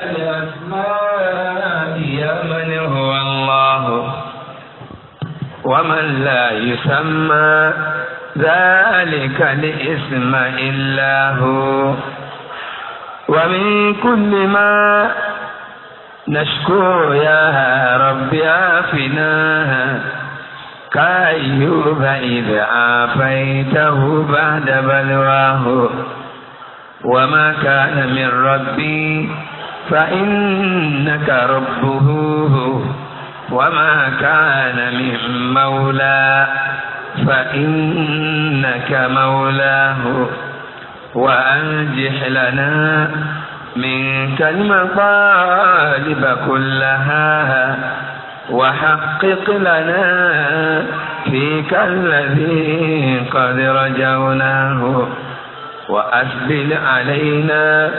يا من هو الله ومن لا يسمى ذلك الاسم إلا هو ومن كل ما نشكو يا رب عافنا كأيوب إذ عافيته بعد بلواه وما كان من ربي فإنك ربه وما كان من مولى فإنك مولاه وأنجح لنا منك المطالب كلها وحقق لنا فيك الذي قد رجوناه وأسبل علينا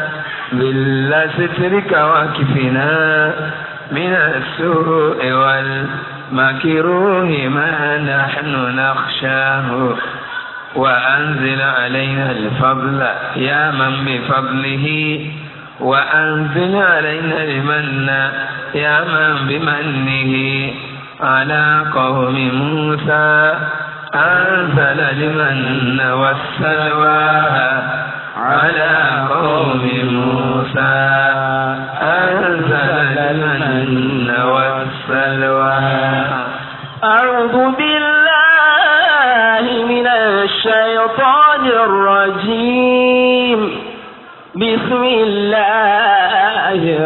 ظل سترك واكفنا من السوء والمكروه ما نحن نخشاه وأنزل علينا الفضل يا من بفضله وأنزل علينا المن يا من بمنه على قوم موسى أنزل المن والسلوى على قوم موسى أنزل المن والسلوى أعوذ بالله من الشيطان الرجيم بسم الله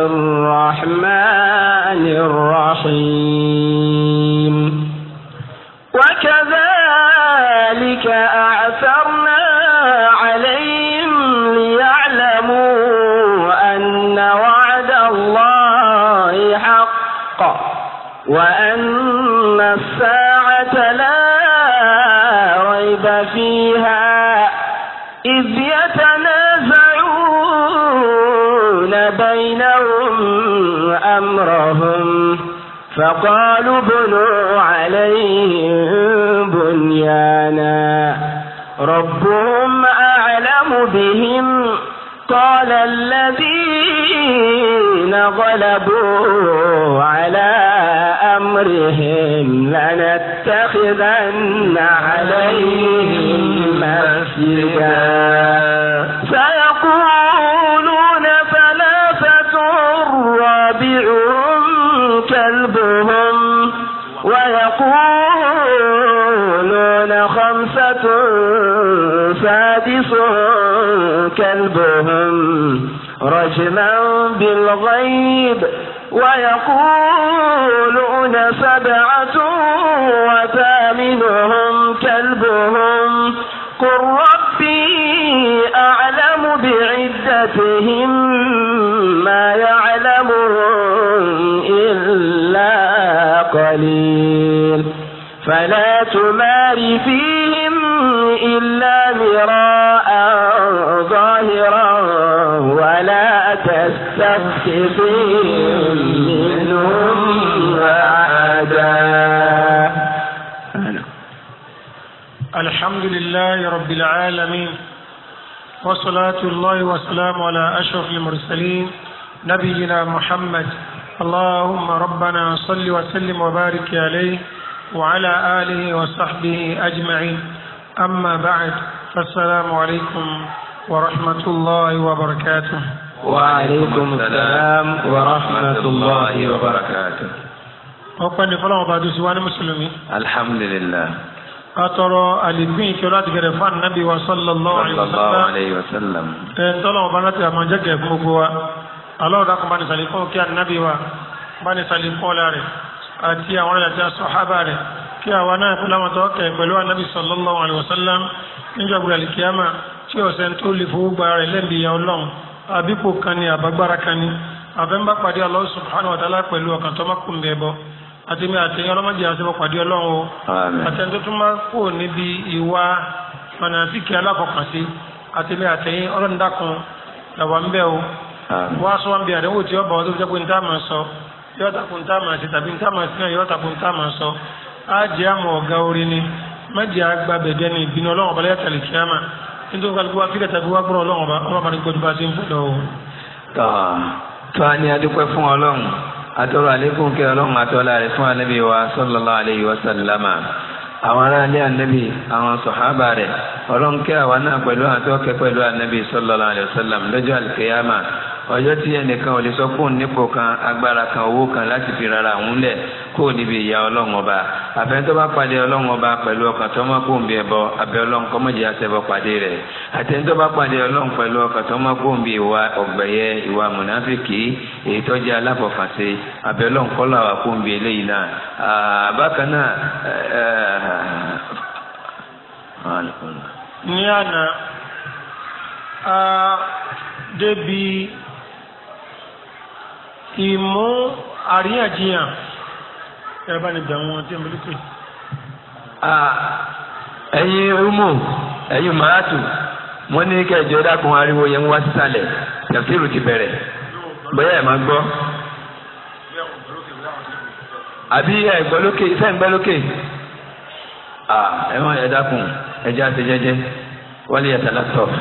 الرحمن الرحيم وكان فقالوا بنوا عليهم بنيانا ربهم أعلم بهم قال الذين غلبوا على أمرهم لنتخذن عليهم مسجدا كلبهم رجما بالغيب ويقولون سبعة وثامنهم كلبهم قل ربي أعلم بعدتهم ما يعلمهم إلا قليل فلا تمار فيهم إلا مراءً طاهرا ولا تستخف منهم أحدا الحمد لله رب العالمين وصلاة الله وسلام على أشرف المرسلين نبينا محمد اللهم ربنا صل وسلم وبارك عليه وعلى آله وصحبه أجمعين أما بعد فالسلام عليكم ورحمة الله وبركاته وعليكم السلام ورحمة الله وبركاته ọpẹ́ ní fọlọ́wọ́n ọba àdúsí wa ní mùsùlùmí. alhamdulilah. atọrọ alikun ìfẹ́ láti gẹrẹ fún anabi wa sallallahu alayhi wa sallam. ẹ tọ́lọ́wọ́n ọba láti àmọ́ jẹ́kẹ̀ fún gbogbo wa. alọ́ọ̀dà kan bá ní sàlìkọ́ kí anabi wa bá ní sàlìkọ́ la rẹ̀ àti àwọn ọ̀rẹ́dàtì asọ̀hábà rẹ̀ kí àwa náà fúnra wọn tọ́ kẹ̀ pẹ̀lú anabi sallallahu alayhi wa sallam níjọ́ gbọ́dọ̀ alikiyama tí ọ̀sẹ̀ tó lè fowó gba rẹ̀ lẹ́bi ìyá ọlọ́run àbípò kan ni àbágbára kan ni àfẹ́ńbá pàdé Allah subhanahu wa ta'ala pẹ̀lú ọkàn tó má kú ń bẹ̀ bọ́ àti mi àti ọlọ́mọdé àti ọmọ pàdé ọlọ́run o àtẹni tó tún má kú níbi ìwà mọ̀nàfíkì alákọ̀ọ́kànṣe àti mi àti ọlọ́run dákun làwọn ń bẹ̀ o wá sọ wọn bí àdéhùn tí ọba ọdún jẹ́pẹ́ níta máa sọ yóò takùn tá máa ṣe tàbí níta máa ṣe náà yóò takùn tá nítorí kálukú wa fílẹ̀ tàbí wá gbọ́rọ̀ ọlọ́run ọba ọlọ́run ní kojú bá ti ń fún lọ. tọ́ tó a ní adúpẹ́ fún ọlọ́run atọ́rọ̀ àlékún kí ọlọ́run àtọ́lá rẹ̀ fún anábì wa sallallahu alaihi wa sallama àwọn ará ilé ànábì àwọn sọ̀hábà rẹ̀ ọlọ́run kí àwa náà pẹ̀lú àtọ́kẹ́ pẹ̀lú ànábì sallallahu alaihi wa sallam lọ́jọ́ àlùkẹ́yàmà ọjọ́ tí ẹnìkan ò lè sọ kó nípò kan agbára kan owó kan láti fi rara òun lẹ̀ kó níbi ìyá ọlọ́run ọba àfẹ́ tó bá pàdé ọlọ́run ọba pẹ̀lú ọkàn tó mọ́ bí ẹbọ abẹ́ ọlọ́run pàdé rẹ̀ tó bá pàdé ọlọ́run pẹ̀lú ọkàn tó ìmú àríyànjiyàn ẹ̀rọ̀bá ni bẹ̀rù wọn tí ẹ̀ mọ́lẹ́kì. ẹ̀yin rúmù ẹ̀yin màátù mo ní kẹjọ dákun ariwo yẹn wá sísàlẹ̀ tẹ̀síìrù ti bẹ̀rẹ̀ bóyá ẹ̀ máa gbọ́. àbí ẹ̀ gbọ́ lókè iṣẹ́ ń gbẹ́ lókè. ẹ má ẹ dákun ẹjẹ́ àti jẹ́jẹ́ wọ́n lè yàtọ̀ lásọ̀f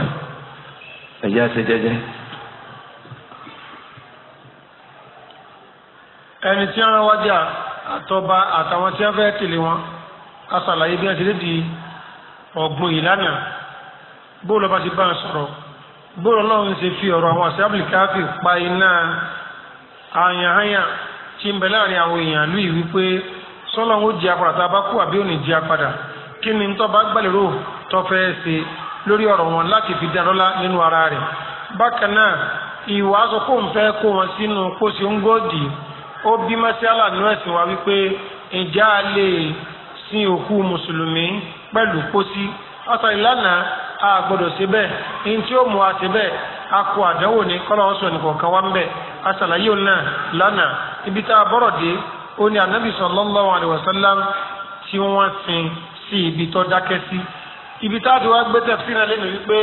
ẹjẹ́ àti jẹ́jẹ́. ẹni tí wọn wájà àtọba àtàwọn tí wọn fẹ́ẹ́ tẹ̀lé wọn a ṣàlàyé bí wọn ti lè di ọgbọ́n ìlànà bóòlù ọba ti bá wọn sọ̀rọ̀ bóòlù Ọlọ́run ṣe fi ọ̀rọ̀ àwọn àṣàbìlì káfí pa iná àyànhàyà tí ń bẹ láàrin àwọn èèyàn lù yìí wípé sọlọ ń jí apàdà tá a bá kú àbí òní jí apàdà kí ni tó bá gbàlérò tó fẹ́ ṣe lórí ọ̀rọ̀ wọn láti fi dá lọ́lá nínú ara rẹ̀ bákan náà ìwà aṣọ kó ń fẹ́ kó wọn sínú pósí ń gòdì ó bí mọ́sálà nú ẹ̀sìn wa wípé ǹjẹ́ a lè sin òkú mùsùlùmí pẹ̀lú pósí ọ̀sán ìlànà a gbọ́dọ̀ ṣe bẹ́ẹ̀ ní tí ó mú a ṣe bẹ́ẹ̀ a kó àdánwò ní kọ́lá ọ̀sán nìkọ̀ọ̀kan wá ń bẹ̀ a ṣàlàyé òun náà lánàá ibi tá a bọ̀rọ̀ dé ó ní anabi sallallahu alaihi wasallam tí wọ́n sin sí ibi tó dákẹ́ sí ibi tá a ti wá gbé tẹ̀sí náà lẹ́nu wípé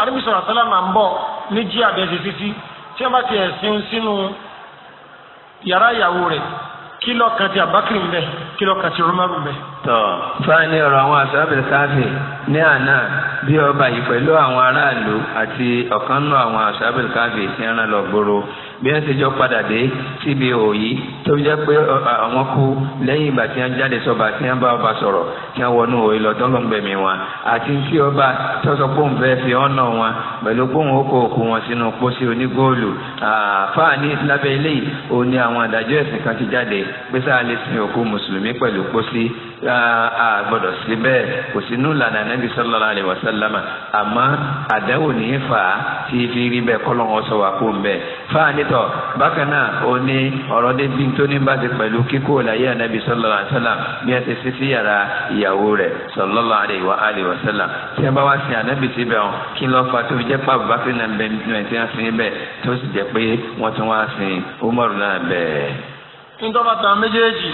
anabi sallallahu alaihi ń bọ̀ ní jí àbẹ̀ṣe títí tí wọ́n bá ti ẹ̀sìn sínú yàrá ìyàwó rẹ̀ kí lọ́kàn ti àbákìrì ń bẹ̀ kí ló kà sí Umaru bẹ. tọ fáìní ọ̀rọ̀ àwọn asábẹ káfí ní àná bí ọba yìí pẹ̀lú àwọn aráàlú àti ọ̀kan nù àwọn asábẹ káfí ti ń rán lọ gbòòrò bí wọ́n ti jọ padà dé síbi òòyì tó jẹ́ pé àwọn kú lẹ́yìn ìgbà tí wọ́n jáde sọ́ba tí wọ́n bá ọba sọ̀rọ̀ tí wọ́n wọnú òòyì lọ tó lọ́n wọn àti tí ọba tọ́sọ pé òun fẹ́ẹ́ fi ọ̀nà wọn pẹ̀lú pé òun òkú wọn sínú pósí onígóòlù fáàní lábẹ́ ilé yìí òun ni àwọn àdájọ́ ẹ̀sìn kan ti jáde pé sáà lè sin òkú mùsùlùmí mùsùlùmí pẹ̀lú pósí a gbọ́dọ̀ sí bẹ́ẹ̀ kò sí nù lànà nàbì sallallahu alaihi wasallama àmọ́ àdáwò ní í fà á tí fi rí bẹ́ẹ̀ kọ́lọ́wọ́ sọ wà kó bẹ́ẹ̀ fáànítọ̀ bákan náà ó ní ọ̀rọ̀ débi tó ní bá ti pẹ̀lú kíkó láyé ànábì sallallahu alaihi wasallam bí a ti sí yàrá ìyàwó rẹ̀ sallallahu alaihi wa alihi wasallam tí a bá wá sin ànábì síbẹ̀ wọn kí ló fà tó fi jẹ́ pàbó bá fi nà bẹ́ẹ̀ tí wọ́n sin sì jẹ́ pé wọ́n tún wá sin Umaru náà bẹ́ẹ̀. nítorí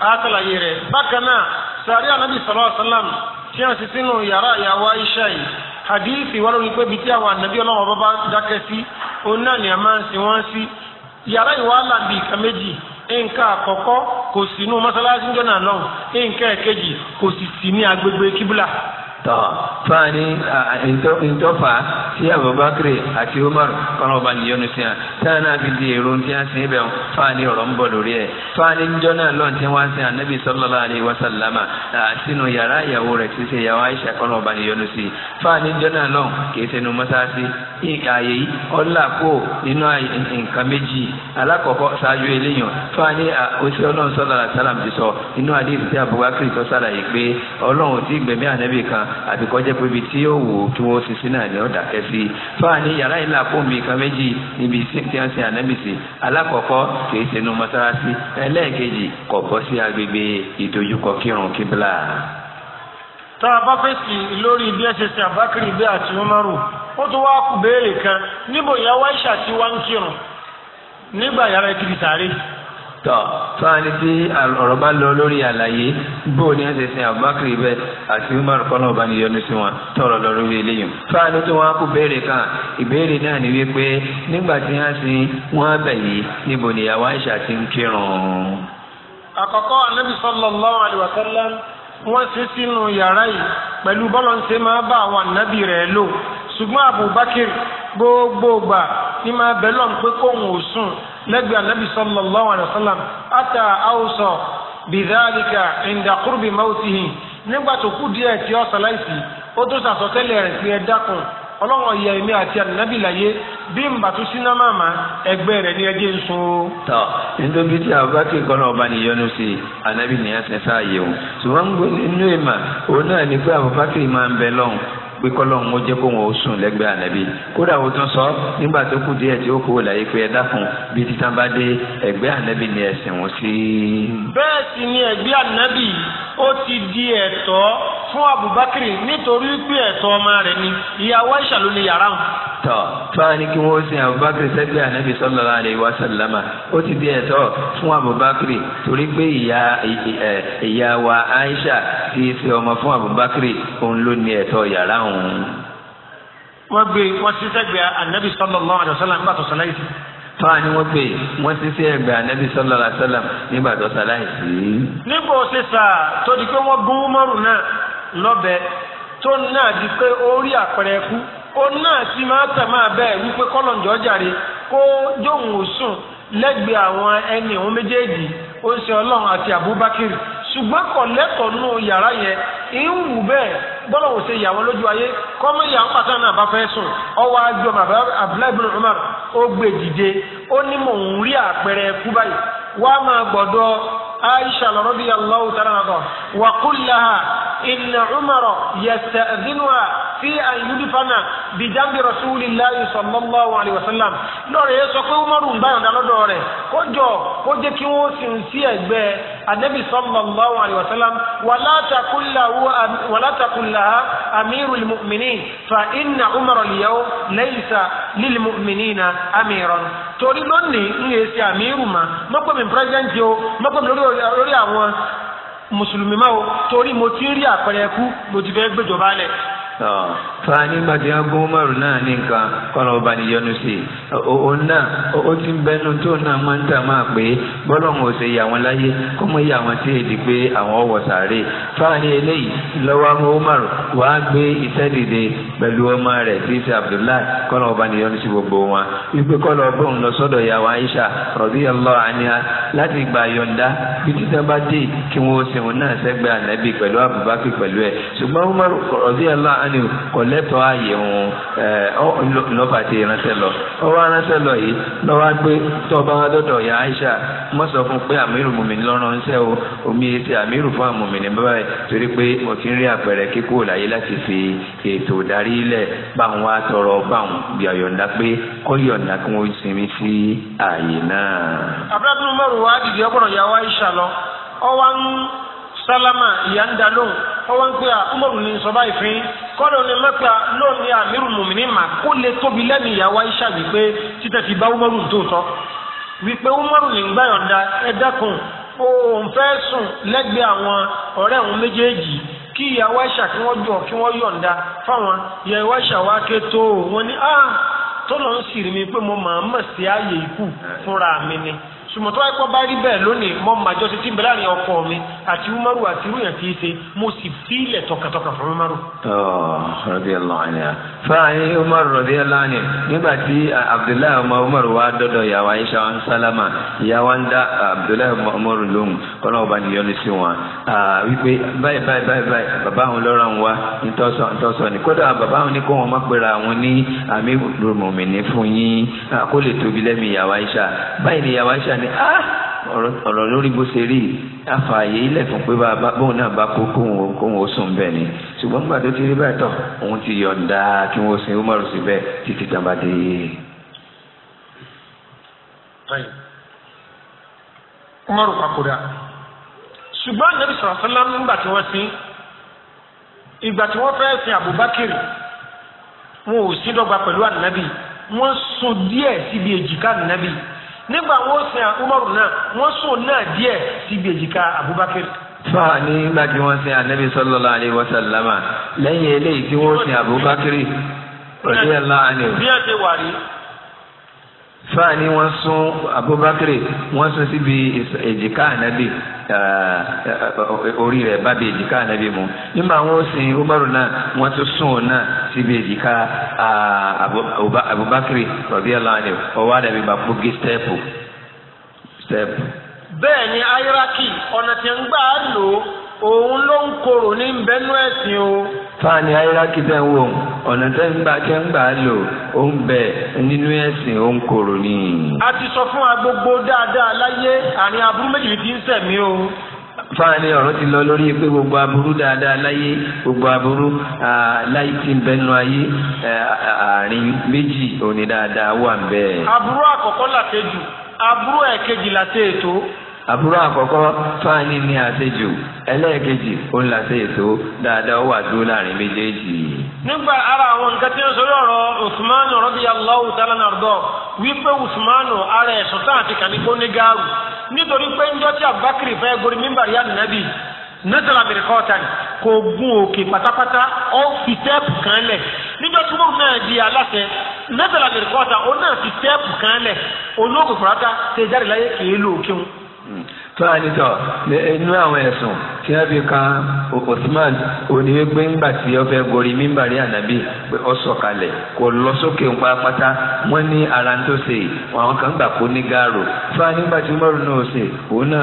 àtàlàyé rẹ̀ bákan náà sàrí ànábì sallallahu alaihi wasallam tí wọ́n ti sínú yàrá ìyàwó Aisha yìí hadithi wà lórí pé ibi àwọn ànábì ọlọ́wọ́ bá dákẹ́ sí òun náà ni a máa ń sin wọ́n sí yàrá ìwà nǹkan tọ́ fáàní ìtọ́fà tí Abubakar àti Umar kọ́nà ọba nìyọnu sí wọn táwọn náà fi di èrò tí wọn sì ń bẹ̀ wọn fáàní ọ̀rọ̀ ń bọ̀ lórí ẹ̀ fáàní ńjọ́ náà lọ́n tí wọ́n sin anabi sallallahu alaihi wasallama sínú yàrá ìyàwó rẹ̀ tí ṣe yàwó Aisha kọ́nà ọba nìyọnu sí fáàní ńjọ́ náà lọ́n kìí ṣe nu mọ́sáàsì ààyè yìí ọ̀là kó nínú nǹkan méjì alákọ̀ọ́kọ́ ṣáájú eléyàn fáàní oṣù ọlọ́run sallallahu alaihi wasallam ti sọ inú àdéhùn tí Abubakar tó ṣàlàyé pé ọlọ́run ti gbẹ̀mí ànábì kan àti kọjá pé ibi tí yóò wò kí wọ́n sisi náà ni ó dàkẹ́ sí i fáà ní yàrá ìlà fóònù kan méjì níbi tí wọ́n ṣe ànábìsì alákọ̀ọ́kọ́ kìí ṣe inú mọ́sálásí ẹlẹ́ẹ̀kejì kò bọ́ sí agbègbè ìdojúkọ kírun kíbla. tá a bá fèsì lórí bí ẹ ṣe ṣe àbákiri bí àti umaru ó tún wáá kú béèrè kan níbo ìyàwó àìsà ti wá ń kírun nígbà yàrá ìkiri sáré tọ fáwọn tí ọ̀rọ̀ bá lọ lórí àlàyé bó ni wọ́n ṣe sin abubakar ibẹ̀ àti umar kọ́nà ọba ni yọnu sí wọn tọrọ lọ lórí eléyìí fáwọn tí wọ́n kú béèrè kan ìbéèrè náà ni wípé nígbà tí wọ́n sin wọ́n bẹ̀ yìí níbo ni ìyàwó àìsà ti ń kírun. àkọ́kọ́ anabi sallallahu alaihi wasallam wọ́n ṣe sínú yàrá yìí pẹ̀lú bọ́lọ̀ ń ṣe máa bá àwọn ànábì rẹ̀ lò ṣùgbọ́n abubakar gbogbo ní máa bẹ lọ́n pé kóhùn ò sùn lẹ́gbẹ̀ẹ́ anabi sallallahu alayhi wa sallam ata awusọ bidhalika inda qurbi mawtihi nígbà tó kú díẹ̀ tí ó sàláìsì ó tó sàsọtẹ́lẹ̀ rẹ̀ sí ẹ dákun ọlọ́run ọ̀yà èmi àti ànábì láyé bí n bàtú síná màmá ẹgbẹ́ rẹ̀ ní ẹjẹ́ ń tọ́ nítorí tí àwọn bá kí kọ́nà ọba nìyọnu sí i ànábì nìyẹn ṣe sáàyè o ṣùgbọ́n nínú ìmà òun náà ní pé àwọn bá kí máa ń bẹ lọ́hùn pé kọ́lọ́hún ó jẹ́ kó wọn ó sùn lẹ́gbẹ̀ẹ́ ànábì kódà ó tún sọ nígbà tó kù díẹ̀ tí ó kó láyé pé ẹ dákun bí títan bá dé ẹgbẹ́ ànábì ni ẹ̀sìn wọn sí. bẹ́ẹ̀ sì ni ẹgbẹ́ ànábì ó ti di ẹ̀tọ́ fún Abubakar nítorí pé ẹ̀tọ́ ọmọ rẹ̀ ni ìyàwó Aisha ló ní yàrá wọn. tọ́ fáwọn ni kí wọ́n sin Abubakar sẹ́gbẹ́ ànábì sallallahu alaihi wa sallama ó ti di ẹ̀tọ́ fún Abubakar torí pé wa Aisha ti ṣe ọmọ fún Abubakar òun ló ní wọ́n gbé wọ́n ti sẹ́gbẹ̀ anabi sallallahu alaihi nígbà tó sọlá yìí. fáwọn ni wọ́n gbé wọ́n ti gbé anabi sallallahu alaihi nígbà tó yìí. nígbà òsè sà tó di pé wọ́n gún lọ́bẹ̀ tó náà pé ó rí kú ó náà ti máa tẹ̀ máa bẹ́ẹ̀ wípé kọ́lọ̀njọ́ jàre kó jóun sùn lẹ́gbẹ̀ẹ́ àwọn ẹni bọ́lá wò ṣe ìyàwó lójú ayé kọ́mọ ìyàwó pàtàkì náà bá fẹ́ sùn ọwọ́ ajé ọmọ Abdullahi bin Umar ó gbé dìde ó ní mò ń rí àpẹẹrẹ kú báyìí wá máa gbọ́dọ̀ عائشة رضي الله تعالى عنها وقل لها إن عمر يستأذنها في أن يدفن بجنب رسول الله صلى الله عليه وسلم لور يسوك عمر بيان دانو دوري كجو كجو كيو سنسي النبي صلى الله عليه وسلم ولا تقل له ولا تقل لها أمير المؤمنين فإن عمر اليوم ليس للمؤمنين أميرا تولي لني إنه يسي أميرما ما كم من برزنجيو ما كم lórí àwọn mùsùlùmí máa o torí mo ti ń rí àpẹẹrẹ ẹkú mo ti fẹ́ gbèjọba lẹ̀ fa nígbà tí wọn gún márùn náà ní nǹkan kọlọ ọba níyọnu sí i òun náà ó ti ń bẹnu tó náà máa ń tà máa pé bọ́lọ́hún ò ṣe yà wọn láyé kó mọ yà wọn sí èdè pé àwọn ọwọ́ sàárè fa ní eléyìí lọ́wọ́ Umar wà á gbé ìtẹ́dìde pẹ̀lú ọmọ rẹ̀ tí í ṣe Abdullahi kọlọ ọba níyọnu sí gbogbo wọn wípé kọlọ ọba òun lọ sọ́dọ̀ ìyàwó Aisha radiyallahu anha láti gba yọ̀ǹda bí títẹ́ bá dé kí wọ́n ó ṣe náà sẹ́gbẹ̀ẹ́ ànábì pẹ̀lú Abubakar pẹ̀lú ẹ̀ ṣùgbọ́n Umar radiyallahu alukur'ani kò lẹ́tọ̀ọ́ ààyè wọn lọ́ba ti ránṣẹ́ lọ ọwọ́ ránṣẹ́ lọ yìí lọ́wọ́ pé tọ́ba wa ya Aisha mo sọ fún pé àmírù mùmí lọ́rọ̀ ńṣẹ́ o omi etí àmírù fún àmùmí ní bábà torí pé mo rí àpẹẹrẹ kíkó fi ètò darí wá tọrọ pé kọ́ yọ̀ǹda kí wọ́n sí ààyè náà. wá ìyàwó Aisha lọ ọwọ́ ń sálámà ọwọ́n gbé a umaru ní sọ báyìí fín kọ́dọ̀ ní mẹ́ta lóun ní amiru mùmíní mà kó lè tóbi lẹ́nu ìyàwó aisha wípé títẹ̀ fi bá umaru tó tọ́ wípé umaru ní gbàyọ̀ǹda ẹ dákun òun fẹ́ sùn lẹ́gbẹ̀ẹ́ àwọn ọ̀rẹ́ òun méjèèjì kí ìyàwó aisha kí wọ́n jọ kí wọ́n yọ̀ǹda fáwọn ìyàwó aisha wá ké tó wọn ní ah tó lọ́n sì rí mi pé mo máa mọ̀ sí ààyè ikú fúnra mi ni sùmọ̀tò àìpọ̀ bá rí bẹ́ẹ̀ lónìí mọ́ màjọ ti ti ń bẹ láàrin ọkọ mi àti umaru àti irú yẹn ti ṣe mo sì fílẹ̀ tọkàtọkà fún umaru. radiyallahu anha fáyín umaru radiyallahu anha nígbà tí abdullahi umaru wa dọ́dọ̀ yàwá aisha wa sálámà yàwá ń dá abdullahi ọmọ umaru lóhùn kọ́nà ọba ni yọ́nu sí wọn wípé báyìí báyìí báyìí bàbá àwọn lọ́rọ̀ ń wá ntọ́sọ ni kódà bàbá àwọn ní kó wọn má pera àwọn ní àmì rọmọmìnì ni yàwá ni á ah! ọ̀rọ̀ lórí bó ṣe rí àfààyè ilẹ̀ fún pé bàbá bóun náà bá kó kóun kóun ó sùn bẹ́ẹ̀ ni ṣùgbọ́n nígbà tó ti rí bẹ́ẹ̀ tọ̀ òun ti yọ̀ǹda kí wọ́n sin umaru sí bẹ́ẹ̀ títí tàbá dé. umaru papòdà ṣùgbọ́n nàbí sọ̀rọ̀ sọ́lá nígbà tí wọ́n sin ìgbà tí wọ́n fẹ́ sin Abubakar wọn ò sí dọ́gba pẹ̀lú ànábì wọ́n sún díẹ̀ síbi èjìká ànábì nígbà wọn sin umaru náà wọn sùn náà díẹ̀ síbi èjìká abubakar. fáà nígbà tí wọ́n sin anabi sallallahu alaihi wasallama lẹ́yìn eléyìí tí wọ́n sin abubakar radiyallahu anhu. bí a ti wà rí faa ni wọ́n sún Abubakar wọ́n si bi èjìká ànábì orí rẹ̀ babi èjìká anabi mu nígbà wọ́n sin Umaru náà wọ́n tún sún òun náà síbi èjìká Abubakar radiyallahu alani ọwọ àdàbí gbàgbógi stẹẹpù stẹẹpù. bẹ́ẹ̀ ni ayiraki ọ̀nà tí ń gbà á òun ló ń korò ní bẹ́nu ẹ̀sìn o. fani ayéraki tẹ́ ń wò ó ọ̀nà tẹ́ ń gbà tẹ́ ń gbà lò ó ń bẹ nínú ẹ̀sìn ó ń korò ní. a ti sọ fún wa gbogbo dáadáa láyé àní aburú méjì ti ń sẹ̀mí o fani ọ̀rọ̀ ti lọ lórí pé gbogbo aburú dáadáa láyé gbogbo aburú láyé ti ń bẹnu ayé àárín méjì òní dáadáa wà ń bẹ. aburú àkọ́kọ́ làkejì aburú ẹ̀kejì làtẹ̀ẹ̀tọ́ àbúrò àkọ́kọ́ fáàní ní àṣejù ẹlẹ́ẹ̀kejì ó ń lase èso dáadáa ó wà dúró láàrin méjèèjì. nígbà ara àwọn nǹkan tí ń sọ lọ́rọ̀ Usman radiyallahu ta'ala wípé ara ẹ̀sùn tá àti kàníkó ní gáàrú nítorí pé ń jọ́tí Abubakar fẹ́ gorí mímbàrí ànábì nẹ́tẹ̀lá mìrìkọ́ta ni kò gun òkè pátápátá ó fi tẹ́ẹ̀pù kan lẹ̀ níjọ́ tí wọ́n náà di aláṣẹ nẹ́tẹ̀lá mìrìkọ́ta ó náà fi tẹ́ẹ̀pù kan lẹ̀ olóògùn fúrata jáde láyé wọn. fúlànìtọ̀ inú àwọn ẹ̀sùn tí wọ́n fi kan Osman oníwégbé ńgbà tí wọ́n fẹ́ gorí mímbàrí ànábì pé kò lọ sókè ń pátápátá wọ́n ní ara ń tó ṣe àwọn kan gbà kó ní gaaro fúlàní ńgbà tí mọ́rù náà ṣe òun náà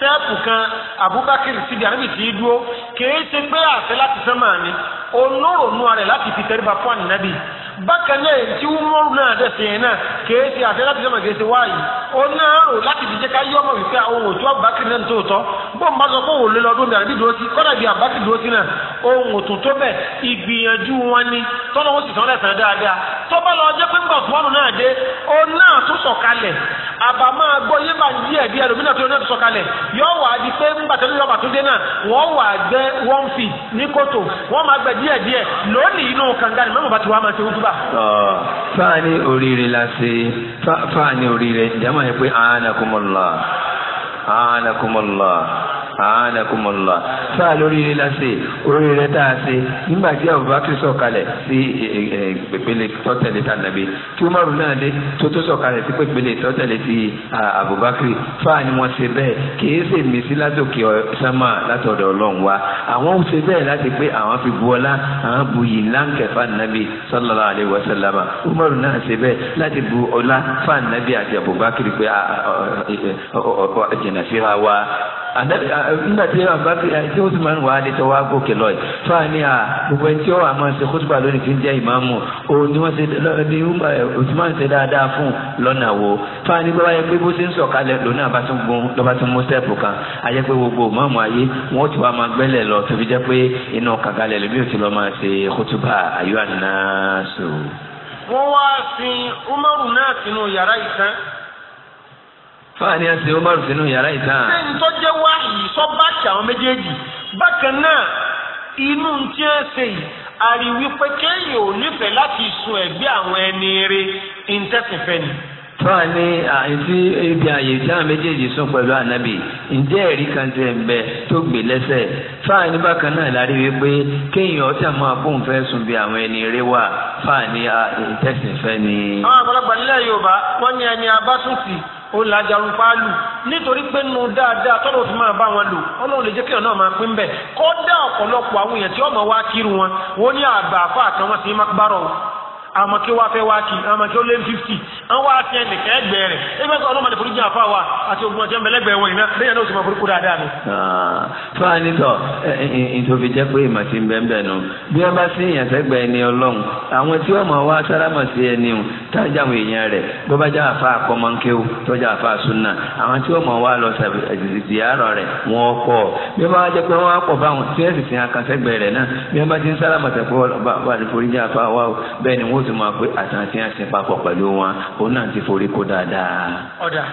sẹ́ẹ̀pù kan abubakar síbi ànábì tí í dúró kèé ṣe pé láti sánmà ni olóòrónú rẹ̀ láti fi tẹríba fún ànábì bákan náà tí náà náà láti wáyé láti fi jẹ́ ká yọ wípé àwọn òtú abubakar náà tó tọ́ bó sọ pé òun dúró sí kọ́dà bí abubakar dúró sí náà ohun òtún tó bẹ̀ ìgbìyànjú wọn ni àbá máa gbọ́ yé bá ń di ẹ̀bí ẹlòmínà tó náà ti sọ yọ wà á di pé ńgbà tó ní rọ́bà tó dé náà wọ́n wà á gbẹ́ one feet ní kòtò wọ́n máa gbẹ díẹ̀ díẹ̀ lónìí inú kànga mẹ́mọ̀ bá ti wá máa ṣe wútú fáàní oríire la ṣe fáàní oríire ìjàmọ̀ yẹn pé àánà kùmọ̀lá àánà kùmọ̀lá anakumọlá sáà lórí ilé lásì orí rẹ tá a ṣe nígbà tí abubakar sọ̀kalẹ̀ sí pèpele tọtẹlẹ tá nàbí tí umaru náà dé tó tó sọ̀kalẹ̀ sí pèpele tọtẹlẹ ti abubakar fáà ni wọn ṣe bẹ́ẹ̀ kìí ṣe mèsì látòkè sánmà látọ̀dọ̀ Ọlọ́run wa àwọn ò ṣe bẹ́ẹ̀ láti pé àwọn fi bu ọlá àwọn bu yìí láǹkẹfà nàbí sallallahu alaihi wasallam umaru náà ṣe bẹ́ẹ̀ láti bu ọlá fáà nàbí àti abubakar pé jìnnà síra wa nígbà tí abakiri tí ó sì máa ń wà á lè tọ́ wá gòkè lọ yìí fáà ní à gbogbo ẹni tí ó wà máa ṣe kótópà lónìí fi ń jẹ́ ìmáàmù o ní wọ́n ṣe ní Usman ṣe dáadáa fún lọ́nà wo fáà ní báwa yẹ pé bó ṣe ń sọ̀kalẹ̀ lọ́nà bá tún gun lọ́ba tún mú sẹ́ẹ̀pù kan ayẹ́ pé gbogbo ìmáàmù ayé wọ́n ti wá máa gbẹ́lẹ̀ lọ tó fi jẹ́ pé inú kàkálẹ̀ lómi ò ti lọ́ máa ṣe kótópà àyọ̀ àná fáàní àti Umar sínú yàrá ìtàn. ṣé bá ti àwọn méjèèjì bákan náà inú tí ẹ ṣe yìí àrí wípé kéèyàn ò nífẹ̀ẹ́ sun ẹ̀gbẹ́ àwọn ẹni eré ìǹtẹ̀sìnfẹ́ ni. àìsí ibi tí àwọn méjèèjì sùn pẹ̀lú ànábì ǹjẹ́ ẹ̀rí kan ti ń bẹ tó gbé lẹ́sẹ̀ bákan náà rí wípé kéèyàn ọ̀tí àmọ́ àbóhùn fẹ́ sùn bí àwọn ẹni eré wà fáàní ìǹtẹ̀sìnfẹ́ ni. àwọn àgbàlagbà nílẹ̀ Yorùbá wọ́n ní ẹni ó lajarun páálù nítorí pé nu dáadáa tọ́lọ̀ fi máa bá wọn lò ọlọ́run lè jẹ́ kí ọ̀nà máa pín bẹ́ẹ̀ kọ́ dá ọ̀pọ̀lọpọ̀ àwọn èèyàn tí ọmọ wa kiri wọn wọ́n ní àgbà àfa àtàwọn sí máa bárọ̀ àmọ́ kí wàá fẹ́ wá kí àmọ́ kí ó lé fifty àwọn wàá tiẹ̀ nìkan ẹgbẹ́ rẹ̀ ẹgbẹ́ sọ ọlọ́mọdé foríjì àfa wa àti ogun ọjọ́ mẹlẹ́gbẹ̀ẹ́ wọn ìná lẹ́yìn náà ó sì mọ forúkú dáadáa mi. Ah, fáàní sọ ìtòfi jẹ́ pé ìmọ̀ ti ń bẹ́ẹ̀ bẹ́ẹ̀ nù bí wọ́n bá sí ìyànsẹ́gbẹ̀ẹ́ ẹni ọlọ́run àwọn tí wọ́n mọ̀ wá sáramọ̀ sí ẹni o tájà àwọn èèyàn rẹ̀ bó bá já àfa àkọ́mọ́nkéw tọ́jà àfa súnà àwọn tí wọ́n mọ̀ wá lọ sàbẹ̀sìdìyàrọ̀ rẹ̀ wọ́n kọ́ bí wọ́n bá jẹ́ pé wọ́n á pọ̀ fáwọn tí wọ́n sì sin akansẹ́gbẹ̀ẹ́ rẹ̀ náà bí wọ́n bá ti ń sáramọ̀ fi máa pé àtàn tí wọ́n ti papọ̀ pẹ̀lú wọn òun náà ti forí kó dáadáa. ọ̀dà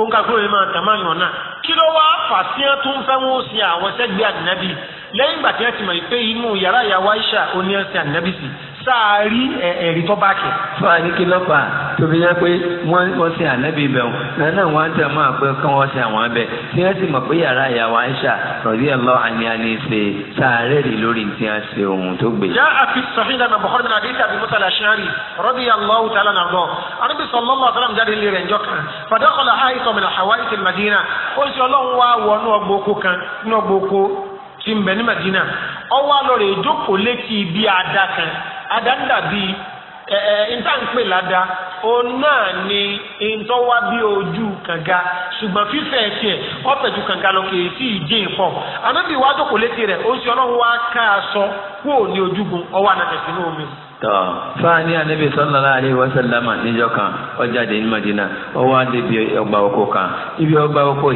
òǹkà kúrò yìí máa tàmá yàn náà kí ló wá fà tó ń fẹ́ wọ́n sí àwọn sẹ́gbẹ́ àdínábì lẹ́yìn ìgbà tí wọ́n ti mọ̀ pé inú yàrá ìyàwó Aisha oníyànsẹ́ àdínábì sí sáà rí ẹ̀rí tó bá kẹ̀. fún àníkí lọ́pàá tóbi yẹ pé wọ́n wọ́n sin ànábì bẹ̀ wọn náà wọ́n tẹ̀ mọ́ àpé kán wọ́n sin àwọn abẹ tí wọ́n sì mọ̀ pé yàrá ìyàwó àìsà rọ̀dí ẹ̀ lọ́ àní àní ṣe sàárẹ̀ rí lórí tí wọ́n ṣe ohun tó gbé. yá àfi sọ̀hìn lẹ́nu bọ̀kọ́ nínú àdéhìí àbí mọ́tà làṣẹ́rì rọ́bì aláwọ̀ tààlà náà bọ̀ àdébí sọlọ́lọ́ àtàlà jáde ilé rẹ̀ ńjọ kan fàdákọ́lá àìsàn mi làhàwá ìtì màdínà ó sì ọlọ́run wá wọ inú ọgbọ́ oko kan inú ọgbọ́ oko tí ń ní màdínà ọwọ́ àlọ́ rẹ̀ ìjókòó létí ibi àdá kan àdádàbí ẹ ẹ ntànpè ládá òun náà ni ntọ́wá bí ojú kànga ṣùgbọ́n fífẹ́ tiẹ̀ ọ̀pẹ̀ kànga lọ kì tí ì jẹ́ ìfọ̀ ànábì wájú kò létí rẹ̀ ó ọlọ́run wá ká aṣọ kúò ní ojúgun ọwọ́ ànàtẹ̀sí ní fáàní ànábì sallallahu alaihi dama níjọ kan ọjà jáde ní Madina ó wá débi ọgbà ọkọ kan ibi ọgbà oko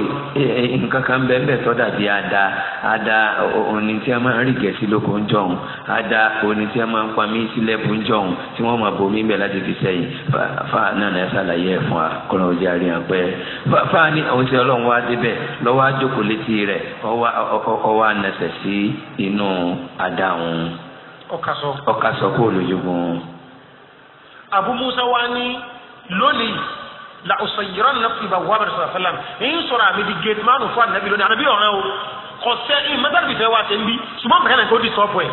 nǹkan kan bẹ́ẹ̀ bẹ́ẹ̀ tó dàbí ada ada òní tí a máa ń rí gẹ̀ẹ́sì lóko ń ada òní tí a máa ń pa mí sílẹ̀ bù ń jọ̀hún tí wọ́n máa bomi fún wa ọlọ́run wá lọ́wọ́ létí rẹ̀ ọwọ́ ọkasọ. ọkasọ kó o lójúgun. abu musa wa ni lónìí la ọsọ yìrọ nínú ìbá wà bẹrẹ sọ̀rọ̀ fẹlẹ ẹyìn sọ̀rọ̀ àmì di gate mánu fún anabi lónìí anabi ọ̀rẹ́ o kò sẹ ẹ mẹtẹrì bí fẹ wá sẹ ń bí ṣùgbọ́n mẹrẹ náà kò di sọpọ ẹ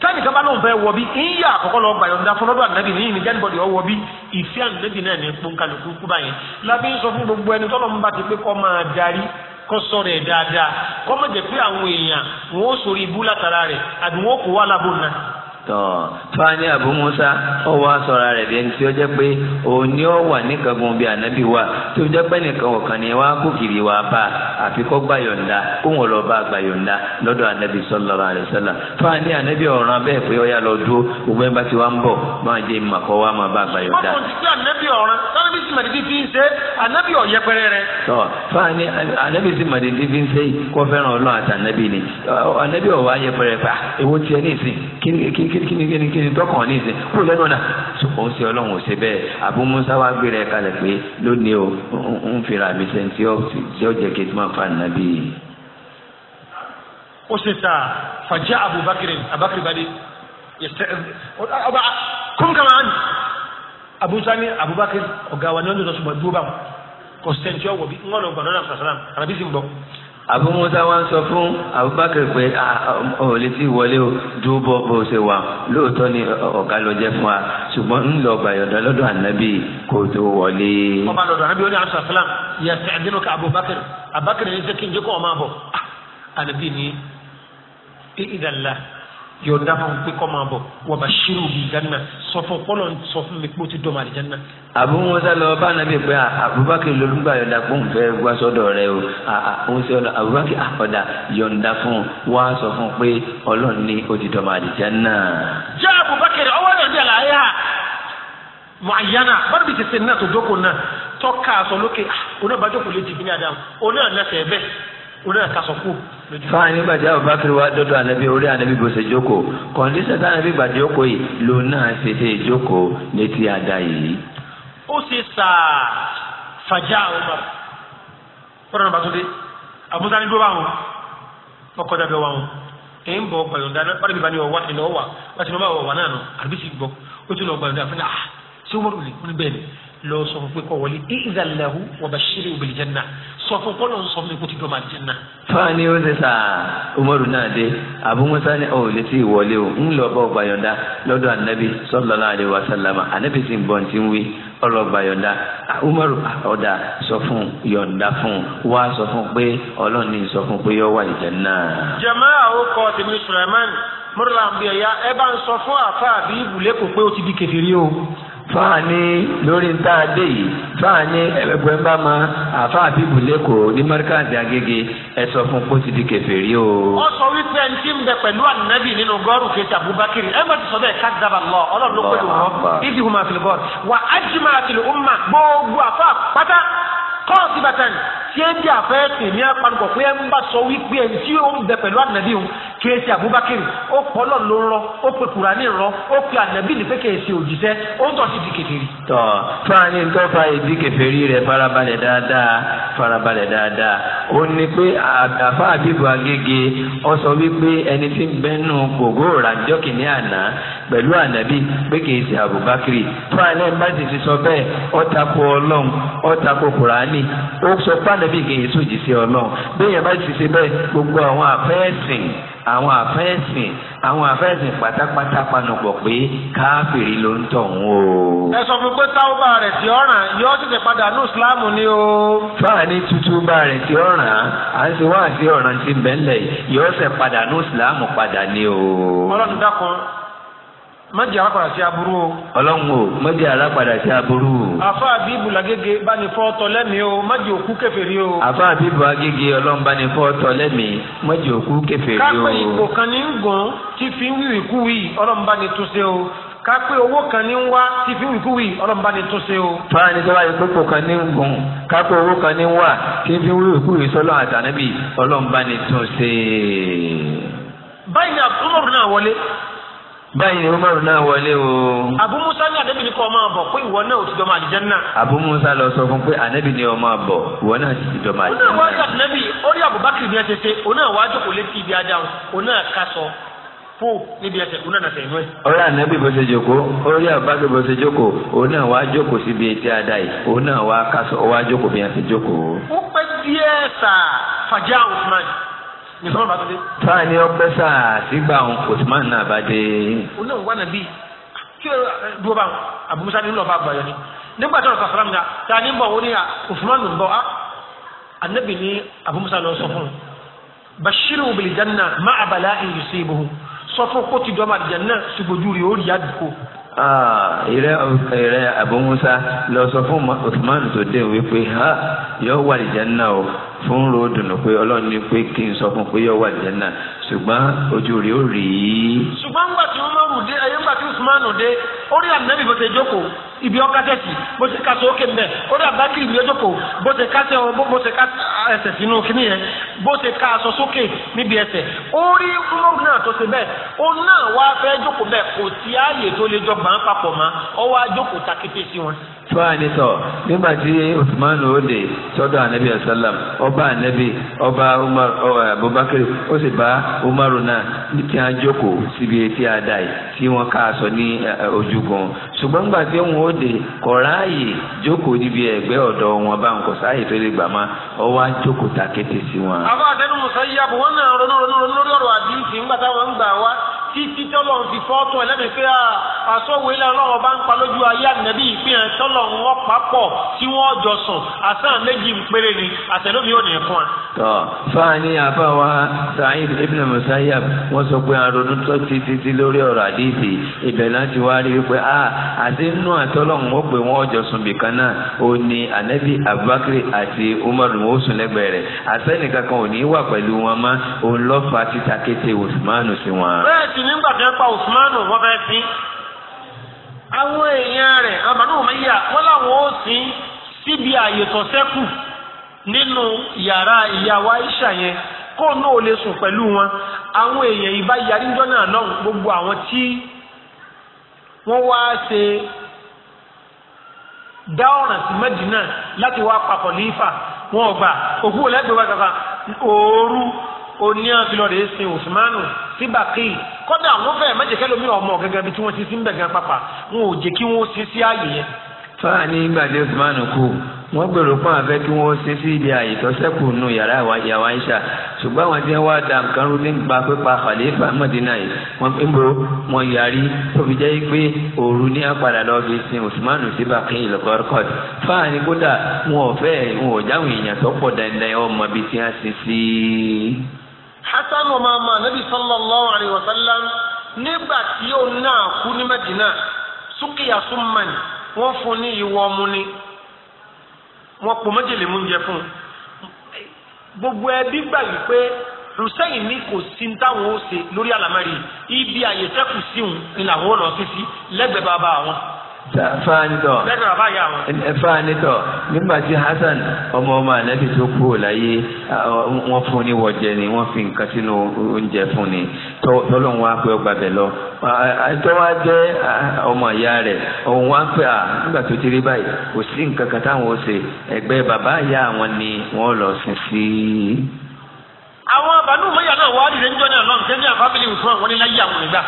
tẹni kaba ló ń fẹ́ wọ bí ń yà àkọ́kọ́ lọ gbàyọ ńdá fún lọ́dọ̀ ànábì ní ìní jẹnibọdì ọwọ bí ìfẹ́ ànábì náà ní nkpọnkalu kúkú báyẹn lábí sọ fún gbogbo ẹni tọlọmùbá ti pé kọ máa darí kó sọ̀rọ̀ ẹ̀ dáadáa kó má jẹ́ pé àwọn èèyàn wọn ó sori ibú látara rẹ̀ àbí wọn ó wá lábò náà tọ́ fani abu musa ó wá sọ̀rọ̀ rẹ̀ bí ẹni tí ó jẹ́ pé òní ó wà níkangun bí ànábì wa tó jẹ́ pé nìkan ọ̀kan ni wá kó kiri wá bá àfi kó gbà yọ̀ǹda kó wọn lọ bá gbà yọ̀ǹda lọ́dọ̀ ànábì sallallahu alaihi wasallam fani ànábì ọ̀ràn bẹ́ẹ̀ pé ọ̀yà lọ dúró gbogbo ẹ̀ bá ti wá ń bọ̀ máa jẹ́ ìmàkọ́ wá máa bá gbà yọ̀ǹda. ọkùnrin ti fi ń ṣe ànábì rẹ. tọ́ fani ànábì sì màdìdí fi ń ṣe ọlọ́run àti ànábì ni ànábì ọ̀wá yẹpẹrẹ pa ah, èwo tiẹ̀ ní kí kini kini, kíni kíni tọkàn ní ìsìn kúrò lẹ́nu ọ̀nà ṣùgbọ́n ó ṣe ọlọ́run ò ṣe bẹ́ẹ̀ Abu Musa wá gbéra ẹ̀ kalẹ̀ pé lónìí o ń fira mi sẹ́ni tí ó jẹ́ kí n máa fa nàbí. ó ṣe ta fàjá Abubakar Abubakar bá dé kún kama án ní Abubakar ọ̀gá wa ní ọ̀dọ̀ tó ṣùgbọ́n dúró báwọn kò sẹ́ni tí ó wọ̀ bí ń wọ́n lọ gbọ̀dọ̀ náà sàṣàlám àràbí sì ń bọ̀. Abu Musa wa ń sọ fún Abubakar pé ah, ah, ò lè ti wọlé o dúró bọ́ bó ṣe wà lóòótọ́ ni ọ̀gá lọ jẹ́ fún wa ṣùgbọ́n ń lọ gbàyọ̀dọ̀ lọ́dọ̀ ànábì kò tó wọlé. ọba lọ́dọ̀ ànábì ó ní aṣọ àṣàlám yẹ ṣe àdínú ká Abubakar Abubakar ní sẹ́kí ń jẹ́ kó ọmọ àbọ̀ ah, ànábì ní ìdàlá yọ̀ǹda fún pé kọ́ máa bọ̀ wà bá ṣírò bí jánà sọ fún kọ́lọ̀ sọ fún mi pé ó ti dọ̀mọ̀ àlìjánà. àbú musa lọ bá nàbí pé ah, abubakar lolúgbà yọ̀ǹda fún fẹ́ wá sọ́dọ̀ rẹ o ah, ah, musa lọ abubakar àkọ́dà yọ̀ǹda fún wá sọ fún pé ọlọ́run ní ó ti dọ̀mọ̀ àlìjánà. jẹ́ abubakar ọwọ́ náà dẹ̀ láyé à mọ̀ọ́yánà bọ́dù bí náà tó dókòó náà tọ́ka orí ẹ̀ kásọ̀ kú. fáwọn nígbà tí Abubakar wá dọ́dọ̀ ànábì orí ànábì bó ṣe jókòó kọ̀ǹdíṣẹ̀ tí ànábì gbà jókòó yìí lòun náà ṣe ṣe ìjókòó létí ada yìí. ó ṣe sà fàjà Umar kọ́dọ̀ náà bá tún àbúzá ní dúró báwọn ọkọ dábẹ́ wa wọn èyí ń bọ̀ gbàlódà wọ́n níbi ìbáni ọ̀wá ìnáwó wa wọ́n ti máa wọ̀ wà náà nù àbí gbọ́ ó tún lọ gbàlódà fún mi ah ṣé wọ́n rò lè wọ́n lọ sọ fún pé kọ wọlé ìzàlẹ̀hu wọ́n bá ṣírí òbí jẹ́nà sọ fún kọ́lọ̀ ń sọ fún mi kó ti dọ́mà jẹ́nà. fani ó ṣe sá umaru náà dé abumusa ni ọ lè ti wọlé o ń lọ bá ọgbà yọ̀ǹda lọ́dọ̀ anabi sallallahu alaihi wa sallama anabi sì ń bọ̀ ti ń wí ọlọ́gbà yọ̀ǹda umaru ọ̀dà sọ fún yọ̀ǹda fún wa sọ fún pé ọlọ́run ní sọ fún pé yọ wà ìjẹ́nà. jama àwọn tèmi sulaimani mọ́tò làǹbìyà ẹ bá ń sọ fún àfa àbí ibùlẹ́kùn pé ó ti di kèfèrí o fáàní lórí ń tá a dé yìí fáàní ẹgbẹ́ bá ma àfa àbíbù lẹ́kọ̀ọ́ ní márkàzì agége ẹ sọ fún kó ti di kèfèrí o. ó sọ wípé ẹni tí ń bẹ pẹ̀lú ànábì nínú gọ́ọ̀rù kejì abubakar ẹ ti sọ bẹ́ẹ̀ kájábà lọ ọlọ́run ló pẹ̀lú wọn ibi huma fil gọ́ọ̀rù wà á jìmọ̀ àtìlú umma gbogbo àfa pátá bàtàn tí ẹ di àfẹ́ tèmi apanukọ̀ pé ẹ ń bá sọ wípé ẹni tí ó ń bẹ pẹ̀lú ànàbí òun kèésì Abubakar ó pọ́lọ̀ ló rọ ó pe Kùránì rọ ó pe ànàbí ní pé kèésì òjíṣẹ́ ó ń tọ́ sí di kèfèrí. tọ́ fáàní ń tọ́fà ìdí kèfèrí rẹ̀ farabalẹ̀ dáadáa farabalẹ̀ dáadáa ó ní pé àdàfà àbíbu agége ọ sọ wípé ẹni tí ń bẹ́nu kògó ràjọ́kì àná pẹ̀lú ànábì pé kìí ṣe abubakar fúnalẹ́ bá sì ti sọ bẹ́ẹ̀ ó tako ọlọ́run ó tako kùránì ó sọ fúnàbí kìí sòjì sí ọlọ́run bẹ́ẹ̀ bá sì ṣe bẹ́ẹ̀ gbogbo àwọn àfẹ́ẹ̀sìn àwọn àfẹ́ẹ̀sìn àwọn àfẹ́ẹ̀sìn pátápátá panupọ̀ pé káfìrí ló ń tọ̀ ń o. ẹ sọ fún pé táwọ́bà rẹ̀ tí ó ràn yóò tètè padà ní ìsìláàmù ni o. fáàní tútúbà rẹ̀ tí ó ràn á ń ṣe wá sí ọ̀ràn tí bẹ́ńlẹ̀ yóò ṣe padà ní ìsìláàmù padà ni o. ọlọ́run dákun mọ̀jẹ̀ alápadà sí aburú o. ọlọ́run o mọ̀jẹ̀ alápadà sí aburú o. àfa àbíbù làgége bá fọ́ tọ́ o mọ̀jẹ̀ òkú kẹfẹ́rí o. àfa àbíbù àgége ọlọ́run fọ́ tọ́ lẹ́mìí o. kápẹ́ kan ní gùn tí fi ń wíwì kú wì ọlọ́run o kápẹ́ owó kan ní wá o. báyìí ni umaru náà wọlé o. abu musa ní anabi ni kò máa bọ̀ pé ìwọ náà ò ti dọ̀ máa di abu musa lọ sọ fún pé anabi ni o máa bọ̀ ìwọ náà ti ti dọ̀ máa di jẹ́nà. onáà wájú anabi orí abubakar ní ẹsẹ̀ ṣe onáà wájú kò létí ibi ajá onáà ká sọ fún níbi ẹsẹ̀ onáà nàṣẹ inú ẹ. orí anabi bó ṣe jókòó orí abubakar bó ṣe jókòó onáà wá jókòó síbi etí adá yìí onáà wá wá sáà ni ọpẹ sáà sígbà òun Usman náà bá dé. òun náà wà nàbí kí ló eh, dúró bá abumusa ni lọ́ọ̀bá àgbà yẹn nígbà tí ọ̀rọ̀ sàlámù náà sáà ní bọ̀ wọ́n ní Usman ah, ń bọ̀ ah, á anabi ní abumusa lọ sọ fún un bashiru bil janna má abala yusibuhu sọ fún kó ti dọ́mà janna ṣùgbọ́jú rí orí àdúgbò. Ah, ìrẹ ìrẹ abumusa lọ sọ fún Usman tó dé wípé yóò wà ní janna o fún ròdùnú pé ọlọ́run ní pé kí n sọ fún pé yóò wà jẹ́nà ṣùgbọ́n ojú rẹ̀ ó rí i. ṣùgbọ́n ńgbà tí Umaru dé ẹ̀yẹ́ ńgbà tí Usmanu dé ó rí ànábì bó ṣe jókòó ibi ọ kásẹ̀ sí bó ṣe kásẹ̀ ókè mbẹ́ ó dà bákìrì ìbí ọjọ́kọ̀ bó ṣe kásẹ̀ ọ bó ṣe kásẹ̀ ẹsẹ̀ sínú kíní yẹn bó ṣe ká aṣọ sókè níbi ẹsẹ̀ ó rí kúlóògùn náà tó ṣe bẹ́ẹ̀ ó náà wá fẹ́ jókòó bẹ́ẹ̀ kò sí ààyè tó lè jọ gbà papọ̀ mọ́ ọ wá jókòó takété sí wọn. tó sọ nígbà tí Usman ode sọ́dọ̀ anabi asalam ọba anabi ọba Umar Abubakar ó sì bá Umaru náà tí a jókòó síbi etí àdáyé tí wọn ká aṣọ ní ojúgun ṣùgbọ́n nígbà tí wọn ó bóde kọ̀ráàyè jókòó níbi ẹ̀gbẹ́ ọ̀dọ̀ wọn bá ń kọ̀ tó lè gbà ọwọ́ á ta kété sí wọn. àbá náà ronú ronú lórí ọ̀rọ̀ àdìsí ńgbà táwọn ń títí tọ́lọ̀ ń fi fọ́tún ẹlẹ́mìí pé ah, àsọ̀wé lọ́wọ́ bá ń pa lójú ayé ànábì ìpínyàn tọ́lọ̀ ń wọ́n papọ̀ tí wọ́n jọ sùn àsán méjì ń péré ni àtẹ̀lómi ò ní fún wa. tọ́ fáàní àfàwà Sa'id ibn Musayyab wọ́n sọ pé àrònú tó ti títí lórí ọ̀rọ̀ àdìsí ibẹ̀ náà ti wá rí wípé a ah, àti inú àtọ́lọ̀ ń wọ́n pé wọ́n jọ sùn bìkan náà ó ní ànábì Abubakar àti Umar ni wọ́n sùn lẹ́gbẹ̀ẹ́ rẹ̀ àsẹ́nìkankan ò ní wà pẹ̀lú wọn mọ́ nígbà tó ń pa Usmanu wọ́n fẹ́ sí àwọn èèyàn rẹ̀ àwọn bàbá òun yà wọ́n làwọn ó sí síbi nínú yàrá ìyàwó Aisha yẹn kó náà ò lè sùn pẹ̀lú wọn àwọn èèyàn ìbá yarí jọ náà gbogbo àwọn tí wọn wá ṣe dá ọ̀ràn sí Mẹ́dínà láti wá papọ̀ wọn ò gbà òkú wá kankan oníyàn sin sí bàkì kọ́dà àwọn fẹ́ẹ̀ mẹ́jẹ̀kẹ́ lómi ọmọ gẹ́gẹ́ bí tí wọ́n ti sí ń bẹ̀ gan pàpà wọn ò jẹ́ kí wọ́n ṣe sí ààyè yẹn. fáà ní gbàdé usman kú wọ́n gbèrò fún àfẹ́ kí wọ́n ṣe sí ibi ààyè tó ṣẹ́kù nù yàrá ìyàwó Aisha ṣùgbọ́n àwọn tí wọ́n wá da nǹkan rú nípa pípa Khalifa Madina yìí wọ́n ń bo wọn yarí tó fi jẹ́ pé òru ní apàdà lọ́ọ́ fi sin Usman sí bàkín ìlọ́kọ́rọ́kọ́t fáàní kódà wọn ò fẹ́ wọn ò jáwé èèyàn tó pọ̀ dandan ọmọ bíi tí wọ́n ṣe sí i hasan ọmọ ọmọ anabi sallallahu alayhi wa sallam nígbà tí ó náà kú ní madina súkìyà súnmọ́ni wọ́n fún ní ìwọ ọmú ni wọ́n pò méjèlè mú jẹ fún un gbogbo ẹbí gbà wípé hussein ní kò sí táwọn ó ṣe lórí àlámárì ibi àyè sẹ́kù sí ni làwọn ò lọ sí sí lẹ́gbẹ̀ẹ́ bàbá àwọn. fáàní tọ fáàní nígbà tí Hasan ọmọ ọmọ anabi tó kúrò láyé wọn fún wọjẹ ni wọ́n fi nǹkan sínú oúnjẹ fún ni tọlọ́run wá pé ọgbà bẹ lọ tó wá jẹ ọmọ ìyá rẹ̀ òun wá pé nígbà tó ti rí báyìí ni lọ sí i. àwọn bàbá mi yàrá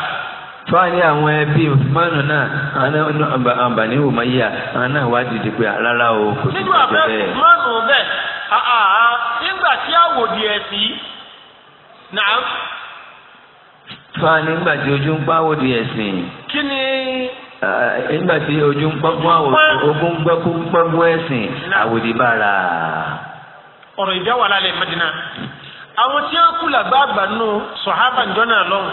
fáàní àwọn ẹbí Usmanu náà àwọn àǹbàní wò máa yíyà àwọn náà wá dìde pé rárá o kò sí ìgbà bẹ́ẹ̀. nígbà bẹ́ẹ̀ Usmanu bẹ́ẹ̀ nígbà tí àwòdì ẹ̀sìn náà. fáàní nígbà tí ojú ń pa àwòdì ẹ̀sìn. kí ni nígbà tí ojú ń pọ́gbọ́n ogun gbẹ́kú pọ́gbọ́n ẹ̀sìn àwòdì bára. ọ̀rọ̀ ìdáwà lálẹ́ Mẹ́dínà àwọn tí wọ́n kú làgbà nù sọ̀hábà ń dọ́nà lọ́hùn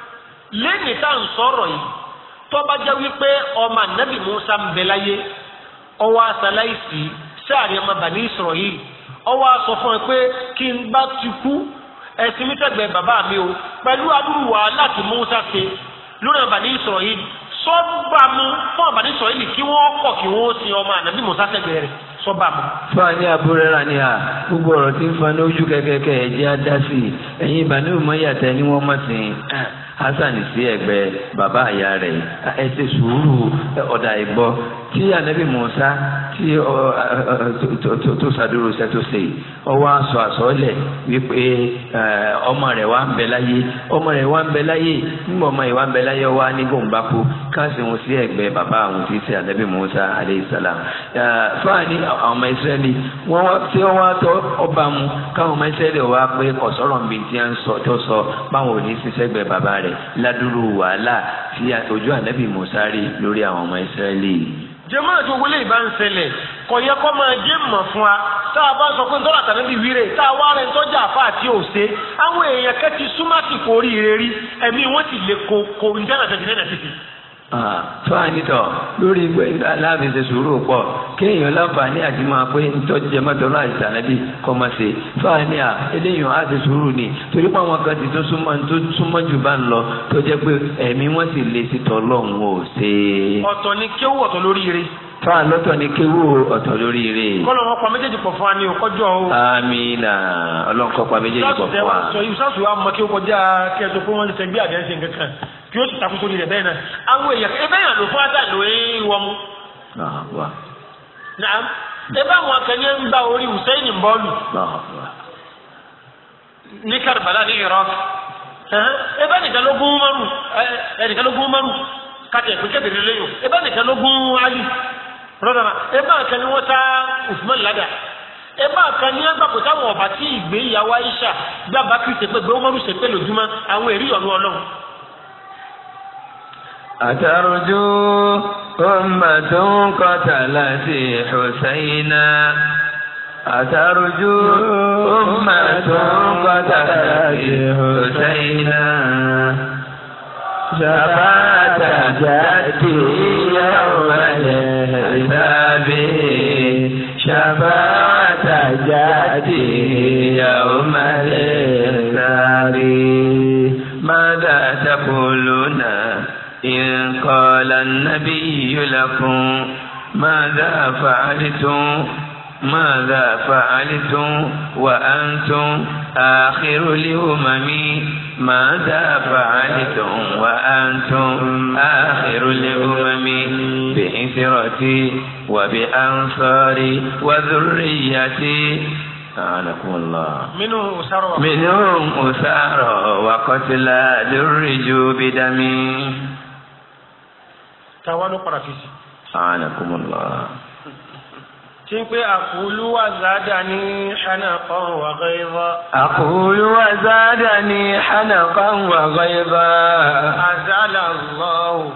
lẹ́ni tá à ń sọ̀rọ̀ yìí tọ́ba wípé ọmọ anabi musa ń bẹ láyé ọwọ́ asalaisi sáàrin ọmọ bani sọ̀rọ̀ yìí ọwọ́ asọ fún ẹ pé kí n bá ti kú ẹ̀sìn mi tẹ̀gbẹ́ bàbá mi o pẹ̀lú adúrú wàhálà tí musa ṣe lórí ọmọ bani sọ̀rọ̀ yìí sọ́ba mu fún ọmọ bani sọ̀rọ̀ yìí kí wọ́n kọ̀ kí wọ́n sin ọmọ anabi musa tẹ̀gbẹ́ rẹ̀ sọba mu. fún àní àbúrò rà ní à gbogbo ọ̀rọ̀ tí ń fa ní ojú kẹ́kẹ́kẹ́ ẹ̀jẹ̀ hasan sí ẹ̀gbẹ́ bàbá àyà rẹ̀ ẹ ti sùúrù ọdà ìgbọ tí anabi musa tí tó sàdúró sẹtó sè ọwọ aṣọ àsọlẹ wípé ọmọ rẹ wà ń bẹ láyé ọmọ rẹ wà ń bẹ láyé nígbà ọmọ yìí wà ń bẹ láyé ọwọ anigbóǹbàkú káàsì wọn sí ẹ̀gbẹ́ baba àwọn tí sẹ anabi musa aleyhi fáàní àwọn ọmọ israẹli wọn wá tí wọn wá tọ ọba mu káwọn ọmọ israẹli wá pé kọsọrọ nbí tí wọn sọ tó sọ báwọn ò ní sísẹgbẹ bàbá rẹ̀. rẹ̀ ládùúrú wàhálà tí ojú ànábì Mùsá rí lórí àwọn ọmọ Ísírẹ́lì yìí jẹmọ àti owó lè bá ń ṣẹlẹ̀ kò yẹ kó máa jẹ mọ́ fún wa tá a bá sọ pé ntọ́lá tàbí bí wíre tá a wá rẹ ntọ́jà àfa àti òṣè àwọn èèyàn kẹ́ ti súnmọ́ àsìkò oríire rí ẹ̀mí wọ́n ti lè ko ko ǹjẹ́ fáànítọ̀ lórí pé láàfin ṣe sùúrù pọ̀ kéèyàn láǹfààní àti máa pé ntọ́jú jẹmọ́tọ́lá àìsànàbí kọ́ máa ṣe fáàní à eléyìí á ṣe sùúrù ni torí pé àwọn kan ti tún súnmọ́ tó súnmọ́ jù bá ń lọ tó jẹ́ pé ẹ̀mí wọ́n sì lè sí tọ́lọ́hún ò ṣe. ọ̀tọ̀ ni kéwù ọ̀tọ̀ lóríire. fáà lọ́tọ̀ ni kéwù ọ̀tọ̀ lóríire. kọ́lọ̀ wọn pa méjèèjì pọ̀ fún wa ni ọkọ́jọ́ o. amina ọlọ́nkọ́ pa méjèèjì pọ̀ fún wa tí ó sì takú sórí rẹ̀ bẹ́ẹ̀ náà àwọn èèyàn ebe yàn ló fún ata ló ń wọ mu. naam ebe àwọn akẹ́yẹ ń gba orí Hussein bọ́ọ̀lù ní Karbala ní Iraq ebe nìkan ló gún mọ́rù ẹnìkan ló gún mọ́rù kàtẹ́ ìpín kẹ́bìrì lẹ́yìn ebe nìkan ló gún Ali rọ́dà náà ebe àkànní wọ́n ta Usman lada ẹgbẹ́ àkànní ẹgbàpọ̀ táwọn ọ̀bà tí ìgbéyàwó Aisha gbàgbà kìí ṣe pé gbé wọn mọ́rù lójúmọ́ àwọn èrí ọ̀nù Ọlọ́run. أترجو أمة قتلت حسينا أترجو أمة قتلت حسينا شفاعة تأتي يوم الحساب شفاعة تأتي يوم الحساب ماذا تقولون إن قال النبي لكم ماذا فعلتم ماذا فعلتم وأنتم آخر الأمم ماذا فعلتم وأنتم آخر الأمم بإثرتي وبأنصاري وذريتي أعانكم الله منهم أسارى وقتلى ذرجوا بدمي táwa ló padà fi sí. àánà kúmọ̀lá. tí pé àkúlù wà záàdà ní hànàkàn wà ghayza. àkúlù wà záàdà ní hànàkàn wà ghayza. àzàlà lọ́wọ́.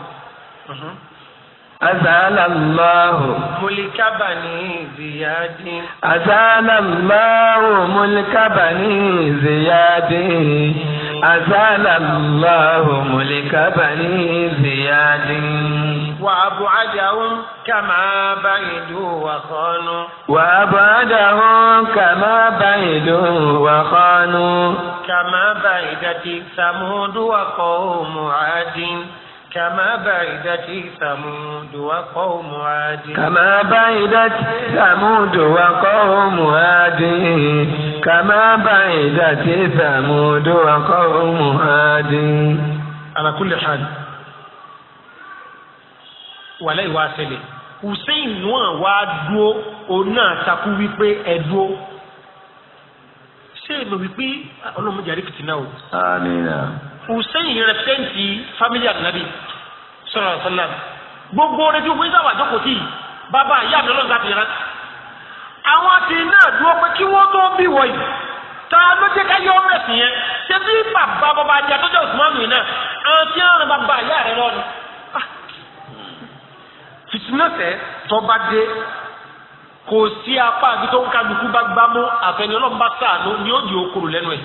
أزال الله ملك بني زياد أزال الله ملك بني زياد أزال الله ملك بني زياد وأبعدهم كما بعدوا وخانوا وأبعدهم كما بعدوا وخانوا كما بعدت ثمود وقوم عاد كما بعدت ثمود وقوم عاد كما بعدت ثمود وقوم عاد كما بعدت ثمود وقوم عاد على كل حال ولا ìwà àṣẹlẹ̀ hussein náà wá dúó òun náà takú wípé ẹ dúó ṣé èmi wípé ọlọ́mọdé àríkìtì náà o. àmín hussein rẹpẹtẹǹtì family anabi sọlá sọlá gbogbo orejú pé sábà jókòó tì bàbá ìyá mi ọlọ́run láti rántí. àwọn àti náà dúró pé kí wọ́n tó bí wọ̀ yìí ta ló jẹ́ ká yọ ọmọ ẹ̀sìn yẹn ṣé bí bàbá bàbá àti àtọ́jọ́ òsùnmọ́nù yìí náà àwọn tí wọ́n rìn bàbá ìyá rẹ lọ́nu. Ah. fìtínọ́sẹ̀ tọ́ba dé kò sí apá àbí tó ń kálukú bá gbámú àfẹnulọ́mbà sáà ni ó di okòrò lẹ́nu ẹ̀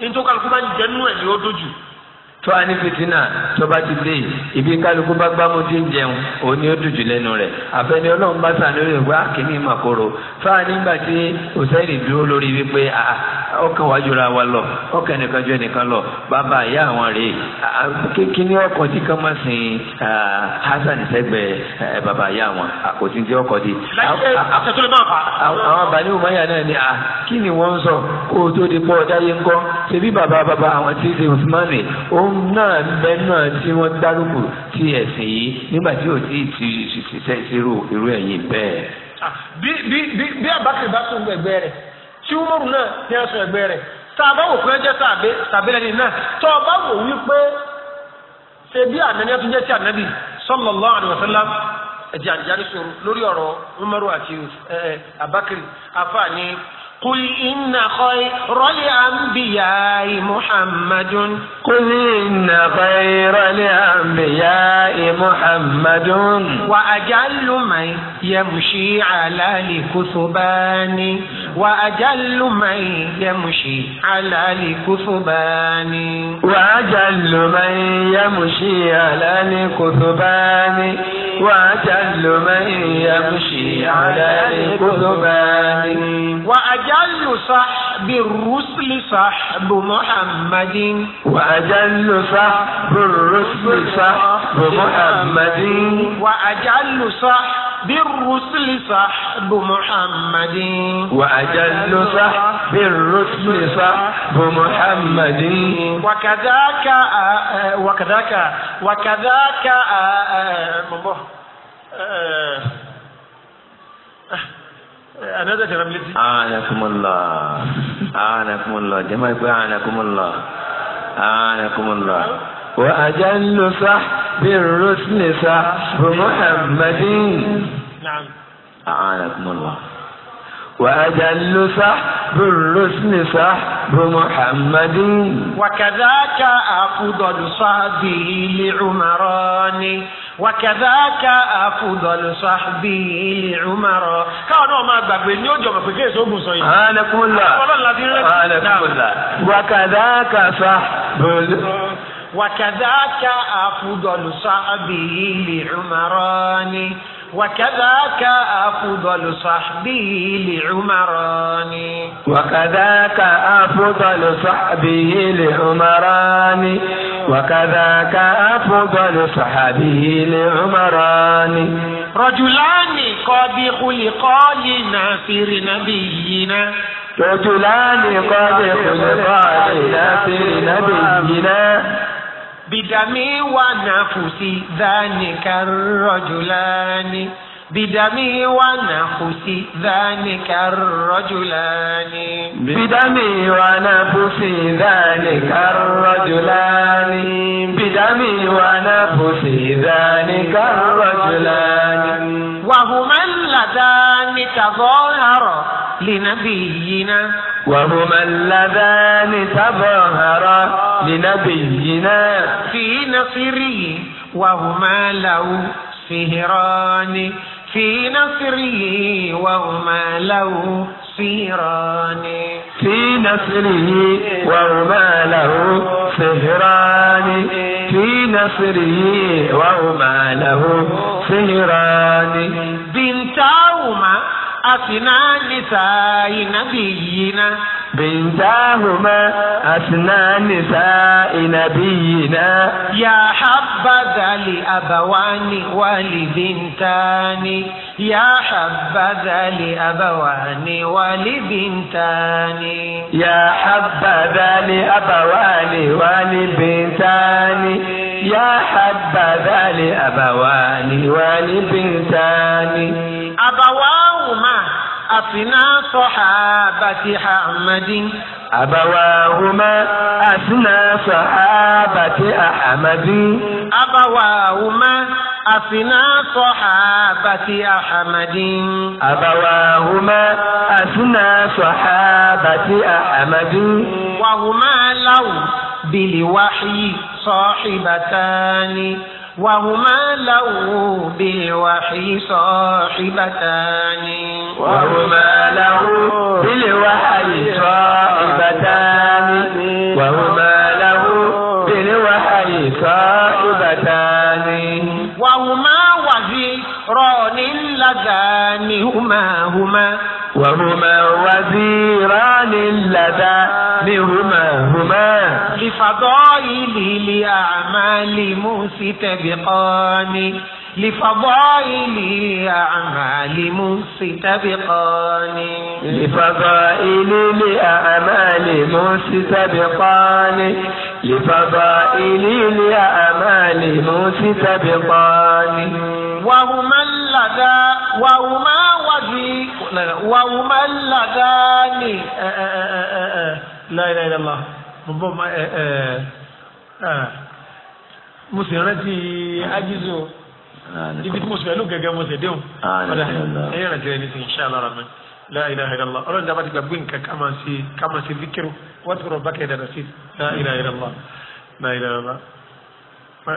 nítorí kálukú bá ń jẹ nínú ẹ̀ ni ó dojú. tó a ní fitina tó bá ti dé ibi kálukú bá gbámú tí ń jẹun òun ni ó dojú lẹ́nu rẹ̀ àfẹni ọlọ́run bá sàn lórí ìwé àkíní ìmàkòrò fáà nígbà tí òsèlè dúró lórí wípé ọkàn wájú ra wa lọ ọkàn ẹnìkan ju ẹnìkan lọ bàbá ìyá àwọn rèé kíní ọkọ̀ tí kan máa sin Hasan sẹ́gbẹ̀ẹ́ bàbá ìyá àwọn àkòtí tí ọkọ̀ di. àwọn abàní òmáyà náà ni à kí ni wọ́n ń sọ kó o tó di pọ́ ọ̀dáyé ńkọ́ ṣebí bàbá bàbá àwọn tí ṣe Usmani òun náà bẹ náà tí wọ́n dárúkù ti ẹ̀sìn yìí nígbà tí ò tí ì ti ṣiṣẹ́ sí irú ẹ̀yìn bẹ́ẹ̀. bí bí bí Abubakar bá tún gbẹgbẹ rẹ̀ tí umaru náà ní ẹsùn ẹgbẹ́ rẹ̀ tàbá wò fún ẹjẹ́ sàbẹ́lẹ́ni náà tọ́ ọba wò wípé ṣe bí ànáni ẹtún jẹ́ ti ànábì sallallahu alaihi wasallam ẹ̀jẹ̀ àdìjáde sọ̀rọ̀ lórí umaru àti abakiri afa ni قل إن خير الأنبياء محمد قل إن خير الأنبياء محمد وأجل من يمشي على الكثبان وأجل من يمشي على الكثبان وأجل من يمشي على الكثبان وأجل من يمشي على الكثبان وأجل وأجل صحب الرسل صحب محمد وأجل صحب الرسل صحب محمد وأجل صحب الرسل صحب محمد وأجل صحب الرسل صحب محمد وكذاك وكذاك وكذاك آه وكذاك آه another tẹ̀rẹ̀ mi létí. anakumala anakumala jama ipe anakumala anakumala. wa ajallu sah bin rusni sah bi muhammadin. anakumala. وأجل صحب الرسل صحب محمد وكذاك أفضل صحبه لعمران وكذاك أفضل صحبه لعمر káwọn náà máa gbàgbé ní ojú ọmọ pèké èso ògùn sọ yìí. alekunla alekunla wakadaka sahbul. wakadaka أفضل صحبه لعمران. وكذاك أفضل صحبه لعمران وكذاك أفضل صحبه لعمران وكذاك أفضل صحبه لعمران رجلان قد خلقا لنافر نبينا رجلان قد خلقا لنافر نبينا بدمي ونفسي ذلك الرجلان بدمي ونفسي ذلك الرجلان بدمي ونفسي ذلك الرجلان بدمي ونفسي ذلك الرجلان وهما اللذان تظاهرا لنبينا وهما اللذان تظاهرا لنبينا في نصره وهما له سهران في نصره وهما له سهران في نصره وهما له سهران في نصره وهما له سهران بنتاهما أفنى نساء نبينا بنتاهما أثنى نساء نبينا يا حبذا لأبوان ولبنتان يا حبذا لأبوان ولبنتان يا حبذا لأبوان ولبنتان يا حبذا لأبوان ولبنتان أبوان أثنى صحابة أحمد أبواهما أثنى صحابة أحمد أبواهما أثنى صحابة أحمد أبواهما أثنى صحابة أحمد وهما له بالوحي صاحبتان وهما له بالوحي صاحبتان وهما له بالوحي صاحبتان وهما له بالوحي صاحبتان وهما وزيران اللذان هما هما وهما وزيران لدى بهما هما لفضائل لأعمال مستبقان لفضائل لأعمال مستبقان لفضائل لأعمال مستبقان لفضائل لأعمال مستبقان وهما لدى وهما القاضي وهما اللذان لا اله الا الله bọ́bọ́ mo sì rántí ajizu ah, ibi tí mo sì fẹ́ lù gẹ́gẹ́ mo sì déhùn ọ̀dà ẹ̀yìn rántí rẹ̀ ní sìn ṣáà lọ́ra mi la ilaha illallah ọlọ́run dábàá ti gba gbé nǹkan kama sí kama sí zikiru wọ́n ti rọ̀ bákẹ́ dára la ilaha illallah la ilaha illallah. Uh,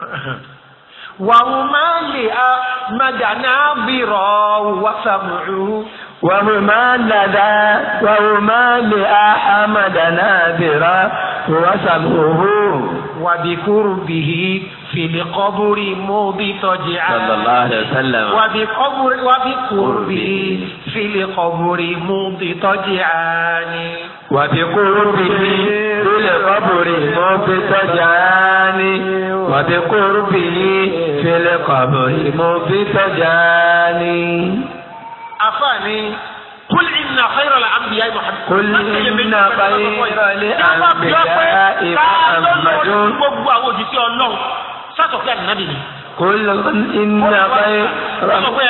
uh, uh, وهما لأحمد نابرا وسمعوا وهما لدى وهما لأحمد نابرا وسمعه وبقربه fili kọburi mọbi tọji ala wabi kọburi wabi kurubi fili kọburi mọbi tọji ani. wabi kurubi fili kọburi mọbi tọji ani. wabi kurubi fili kọburi mọbi tọji ani. afaani. قل إن خير الأنبياء محمد قل إن خير الأنبياء محمد. gbogbo àwọn òjijì ọlọ́run sátọ̀ fíà nínú bìbí. kò lọ iná báyìí. wọ́n mọ̀ pé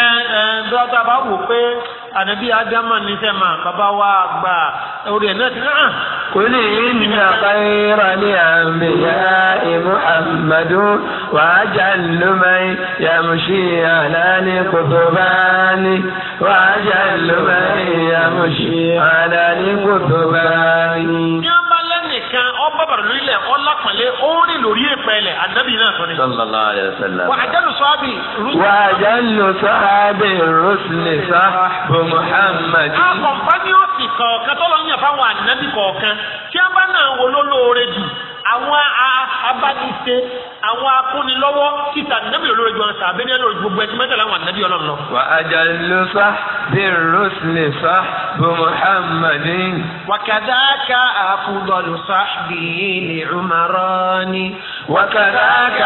dọ́tà bá wò pé ànábì ádámà ní sẹ́mà bàbá wa gbà orí ẹ̀ náà ti náà. kò lè iná báyìí rani àmbìyá muhammadu wà á jà lùmẹ̀ yàmùsí àlàní kùtùbáni wà á jà lùmẹ̀ yàmùsí àlàní kùtùbáni. lápàlẹ ó ń rìn lórí ìpẹlẹ ànábì náà tó ni. sallallahu alaihi wasallam. wà á jẹ́lu sọ́ọ́bì wà á jẹ́lu sọ́ọ́bì rúṣìlẹ̀ sá bò muhammad. a kọ̀ǹpánì ọ̀sìn kọ̀ọ̀kan tó lọ yàn fáwọn ànábì kọ̀ọ̀kan tí a bá náà wọlé olóore jù àwọn abániṣe àwọn akúnilọ́wọ́ títà nẹ́bí olórí gbọ́n sá abẹ́ni ẹ̀rọ gbogbo ẹtí mẹ́tàlá wà nẹ́bí ọlọ́run lọ. wà á jà ló sá bí rosle sá bó muhammadin. wàkàdáka àkùdọ̀lù sá bíi ní umarani. وكذاك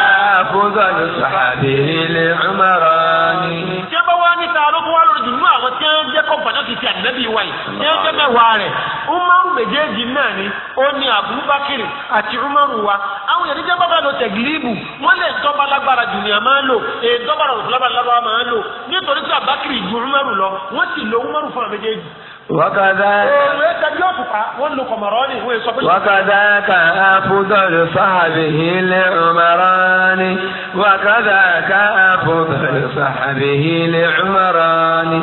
فضل الصحابي لعمران jẹ́bọ́ wá ní taaró kó wá lórí jùlọ àwọn tí wọ́n jẹ́ kọ́mpánà ti ti ànábì wáyé tí wọ́n jẹ́ mẹ́wàá rẹ̀ umaru méjèèjì náà ni ó ní abubakar àti umaru wa àwọn yẹn níjẹ́ bàbá lọ tẹ̀gìlíbù wọ́n lè tọ́ba lágbára jù ní a máa ń lò èyí tọ́ba lọ́wọ́ lágbára máa ń lò nítorí tí abakar ju umaru lọ wọ́n sì lo umaru fún àwọn méjèèjì وكذاك أفضل صحبه لعمران وكذاك أفضل صحبه لعمران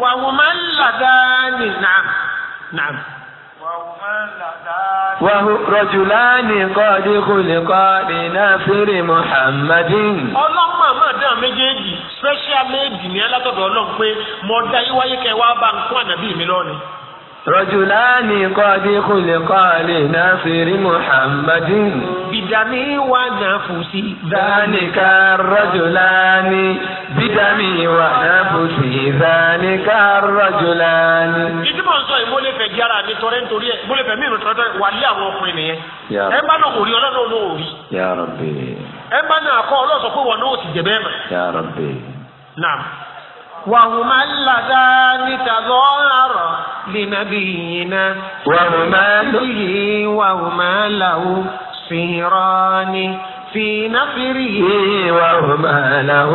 وهما اللذان نعم نعم rọ̀jùláàni kọ́ọ̀dí kùlìkọ́ nínà fèrè muhammadin. ọlọ́mọ àmọ́ dá méjèèjì special aid ní alátọ̀dọ̀ ọlọ́run pé mo dá yíwáyé kẹ́ bá ń kún ànábì رجلان قد خلقا لناصر محمد بدمي ونفسي ذلك الرجلان بدمي ونفسي ذلك الرجلان ìdíbò ń sọ yìí mo lè fẹ́ mi tọrẹ nítorí ẹ mo lè fẹ́ mímu tọrẹ wà lé àwọn ọkùnrin nìyẹn ẹ bá náà òrí ọlọ́dún ọ̀nà òrí ẹ bá náà kọ́ ọlọ́sọ̀ pé wọn náà ò وهما اللذان تظاهرا لنبينا وهما له وهما له سهران في نفره وهما له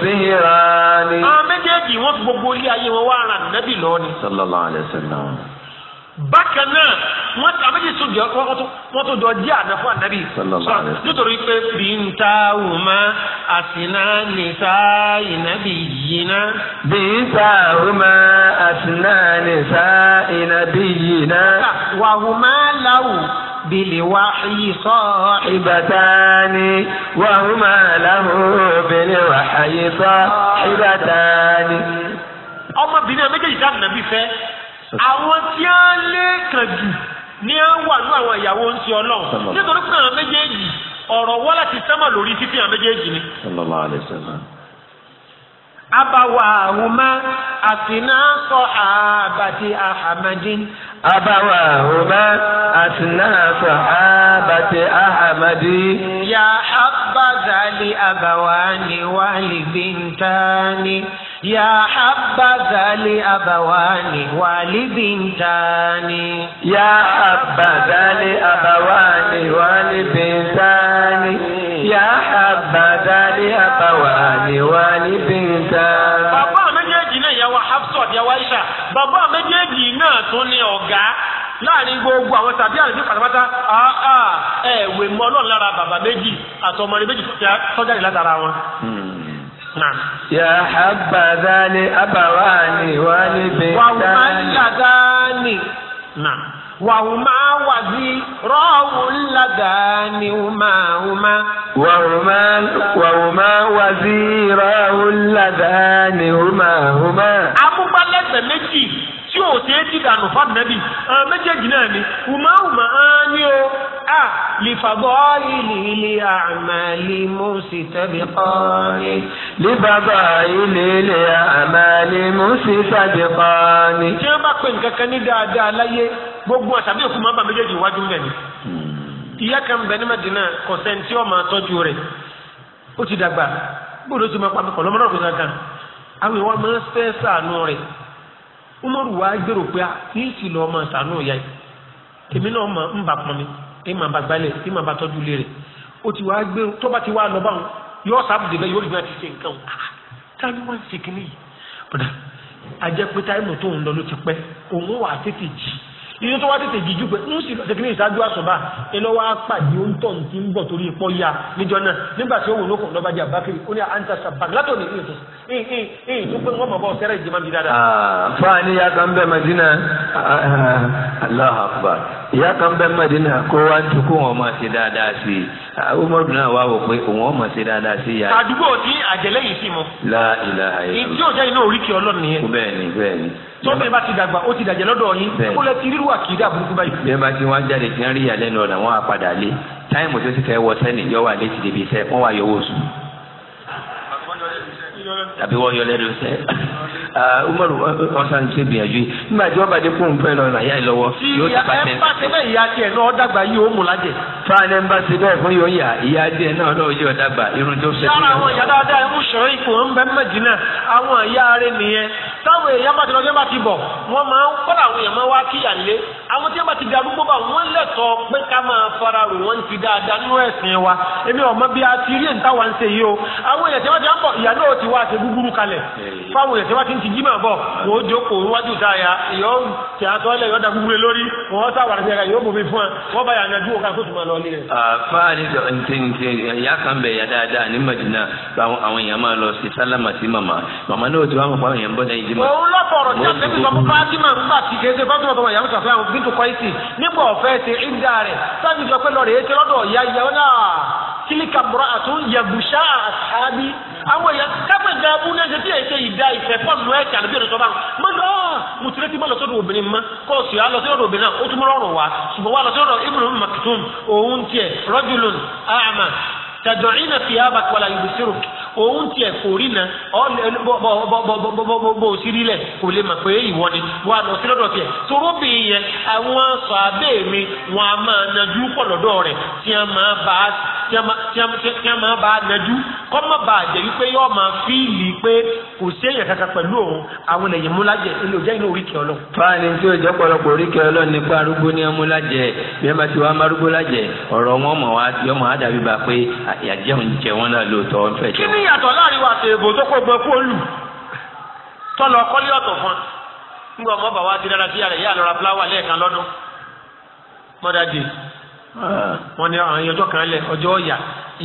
سهران. àwọn méjèèjì wọ́n fi gbogbo orí ayé wọn wá ara nàbì lọ ni. sallallahu alayhi wa sallam bákan náà wọ́n tà méjì tó jọ wọ́n tó jọ jẹ́ àná fún ànábì nítorí pé bíntàwùmá àsìná nìta ìnábì yìíná. bíntàwùmá àsìná nìta ìnábì yìíná. wàhùmá láwù بالوحي صاحبتان وهما له بالوحي صاحبتان ọmọbìnrin méjèèjì dáhùn nàbí fẹ́ àwọn tí a lé kàn jù ní wọ́n wà ní àwọn ìyàwó ń ṣe ọlọ́run nítorí pé àwọn méjèèjì ọ̀rọ̀ wọ́n láti sẹ́mọ̀ lórí títí àwọn méjèèjì ni. sallallahu alaihi wasallam abawahuma asina sahabati ahamadin. abawahuma asina sahabati ahamadin. ya habadali abawani wali bintani. يا حبذا لأبوان ولبنتان يا حبذا لأبوان ولبنتان يا حبذا لأبوان ولبنتان bàbá méjèèjì náà yà wá Hafsat yà wá Aisha bàbá méjèèjì náà tún ní ọ̀gá láàrin gbogbo àwọn tàbí àlejò pátápátá àà ẹ̀wẹ̀ mọ́ ọlọ́run lára bàbá méjì àtọmọrin méjì sọ́jáde látara wọn. Hmm. يا حبذا لأبواني ولبنتان وهما اللذان نعم وهما وزيراه اللذان هما هما وهما وهما وزيراه اللذان هما هما amúgbálẹ́sẹ̀ méjì tí ò ṣeé dídànù fún àbẹ̀bí méjèèjì náà ni hùmáhùmá á ní o. لفضائل لأعمال مستبقان لفضائل لأعمال مستبقان tí wọ́n bá pè nǹkan kan ní dáadáa láyé gbogbo àtàbí òkú máa bá méjèèjì wájú rẹ̀ ni hmm. ìyá kan bẹ ma Mẹ́dínà kò sẹ́ni tí ó máa ó ti dàgbà ma ti máa pàmò kọ̀lọ́mọ́dọ́ òkú kankan àwọn ìwà máa ń fẹ́ sàánú rẹ̀ Umaru wa gbèrò pé ah, kí sì yìí èmi náà ń bà ní màá bá gbálẹ̀ ní màá bá tọ́jú ilé rẹ̀ ó ti wá gbé tó bá ti wá lọ báwọn yóò sábùdé bẹ́ẹ̀ yóò rí náà ti ṣe nǹkan wọn tá ló wá ń ṣe kínní yìí bọ̀dà ajẹ́ pé táìmù tó ń lọ ló ti pẹ́ òun wà á tètè jì ìlú tó wá tètè jíjú pé ń sì lọ́sẹ̀ kí ní ìṣáájú àṣọ̀bá iná wá pàdé ó ń tọ̀ tí ń bọ̀ torí ipò ya níjọ náà nígbà tí ó wò lókun lọ́ba jẹ́ àbákiri ó ní àǹtà sàbàkì látò ní ìlú ìyìn tó pé wọ́n mọ̀ bọ́ sẹ́rẹ̀ ìjẹma bí dáadáa. Ah, fa ni ìyá kan bẹ Madina ah, Allahu Akbar ìyá kan bẹ Madina kó wá ń tukú wọn máa ṣe dáadáa sí i ah, Umar bin awa wò pé òun ọmọ ṣe dáadáa sí ìyá. àdúgbò tí àjẹlẹ́yìn sì mọ. la ilaha illallah. ìdí òjá iná oríkì ọlọ́run nìyẹn. bẹ́ẹ̀ni bẹ́ẹ̀ni tọ́lẹ̀ bá ti dàgbà ó ti dàjẹ́ lọ́dọ̀ yín kó lẹ́ ti rírú àkìdá burúkú báyìí. bá ti wọ́n jáde tí wọ́n rí ọ̀nà wọn á padà lé táìmù tó ti fẹ́ wọ sẹ́ni yọ wà létí débi wọ́n wà yọwọ́ sùn. tàbí wọ́n yọ lẹ́nu ah, umaru gbìyànjú yìí nígbà tí wọ́n bá dé fẹ́ lọ ti bá ti fún yóò yà ìyá náà yóò dàgbà irun táwọn èèyàn bá ti lọ sí bá ti bọ̀ wọ́n máa ń kọ́ra àwọn èèyàn máa wá kíyà lé àwọn tí wọ́n bá ti di arúgbó bá wọ́n lẹ́tọ̀ọ́ pé ká máa fara rò wọ́n ti dáadáa nínú ẹ̀sìn wa èmi ọ̀mọ bí a ti rí ẹ̀ǹtà wa ń ṣe yìí o àwọn èèyàn tí wọ́n ti ń bọ̀ ìyá náà ti wá ṣe gúgúrú kalẹ̀ fáwọn èèyàn tí wọ́n ti ń ti jí máa bọ̀ wọ́n ó jókòó níwájú táyà ìyọ́ tí a sọ́lẹ̀ yọ́ da gúgúrú lórí wọ́n sáwà rẹ̀ yàrá yóò bomi fún ẹ wọ́n bá yàrá dúró kan tó tún máa lọ ní rẹ̀. fáàlì ntìntì ìyá kan bẹ̀ yà dáadáa ní Madina àwọn èèyàn máa lọ sí sálámà sí màmá màmá náà ti wá mọ̀ fún àwọn èèyàn bọ́dá ìdí mọ́. òun lọ́pọ̀ ọ̀rọ̀ tí a ti sọ fún Fatima nígbà tí kì í ṣe Fatima tó wà yàrá bintu Qaisi nígbà ọ̀fẹ́ ti ìdá rẹ̀ sábì sọ pé lọ́ọ̀rẹ́ ètò lọ́dọ̀ ìyá ìyá wọn náà kílíkà bùrọ̀ àtún yàgùṣà àṣàbí àwọn èèyàn kápẹ́ gan abú ní ẹsẹ̀ tí èsè ìdá ìfẹ́ pọ́ọ̀nù ẹ̀kẹ́ àdúgbò ẹ̀rọ sọ́ba ah, mọ́ ní ọ́ mùtúrẹ́ ti má lọ sọ́dọ̀ obìnrin mọ́ kóòsì á lọ sọ́dọ̀ obìnrin náà ó tún rọrùn wá ṣùgbọ́n wá lọ sọ́dọ̀ ibùdó Maktum òun tiẹ̀ forí na bó o sì rí lẹ̀ kò lè mọ̀ pé ìwọ ni wà lọ sí lọ́dọ̀ tiẹ̀ torobìn yẹn àwọn sọ abẹ́ mi wọn a máa najú pọ̀ lọ́dọ̀ rẹ̀ tí a máa bá tí a máa bá najú kọ́ má bàa jẹ́ wípé yóò máa fíìlì pé kò sí èèyàn kankan pẹ̀lú òun àwọn èèyàn múlájẹ ilé òjá ilé oríkè ọlọ. fáàní tí ó jẹ́ pọ̀lọpọ̀ oríkè ọlọ nípa arúgbó ní amúlájẹ bí ẹ bá ti wá márúgbó lájẹ ọ̀rọ̀ wọn mọ̀ wá yọmọ àdàbí bá pé àjẹun jẹ wọn náà lóòótọ́ ń fẹ́ jẹun ìyàtọ̀ láàrin wa àtẹ̀bò tó kó gbọ́ kó lù tọ́lọ kọ́lé ọ̀tọ̀ fún un nígbà ọmọ bàbá ti dára sí ààrẹ yà lọ́ra fúláwà lẹ́ẹ̀kan lọ́dún mọ́dà dé wọn ni àwọn ẹyọjọ́ kan lẹ ọjọ́ ọ̀yà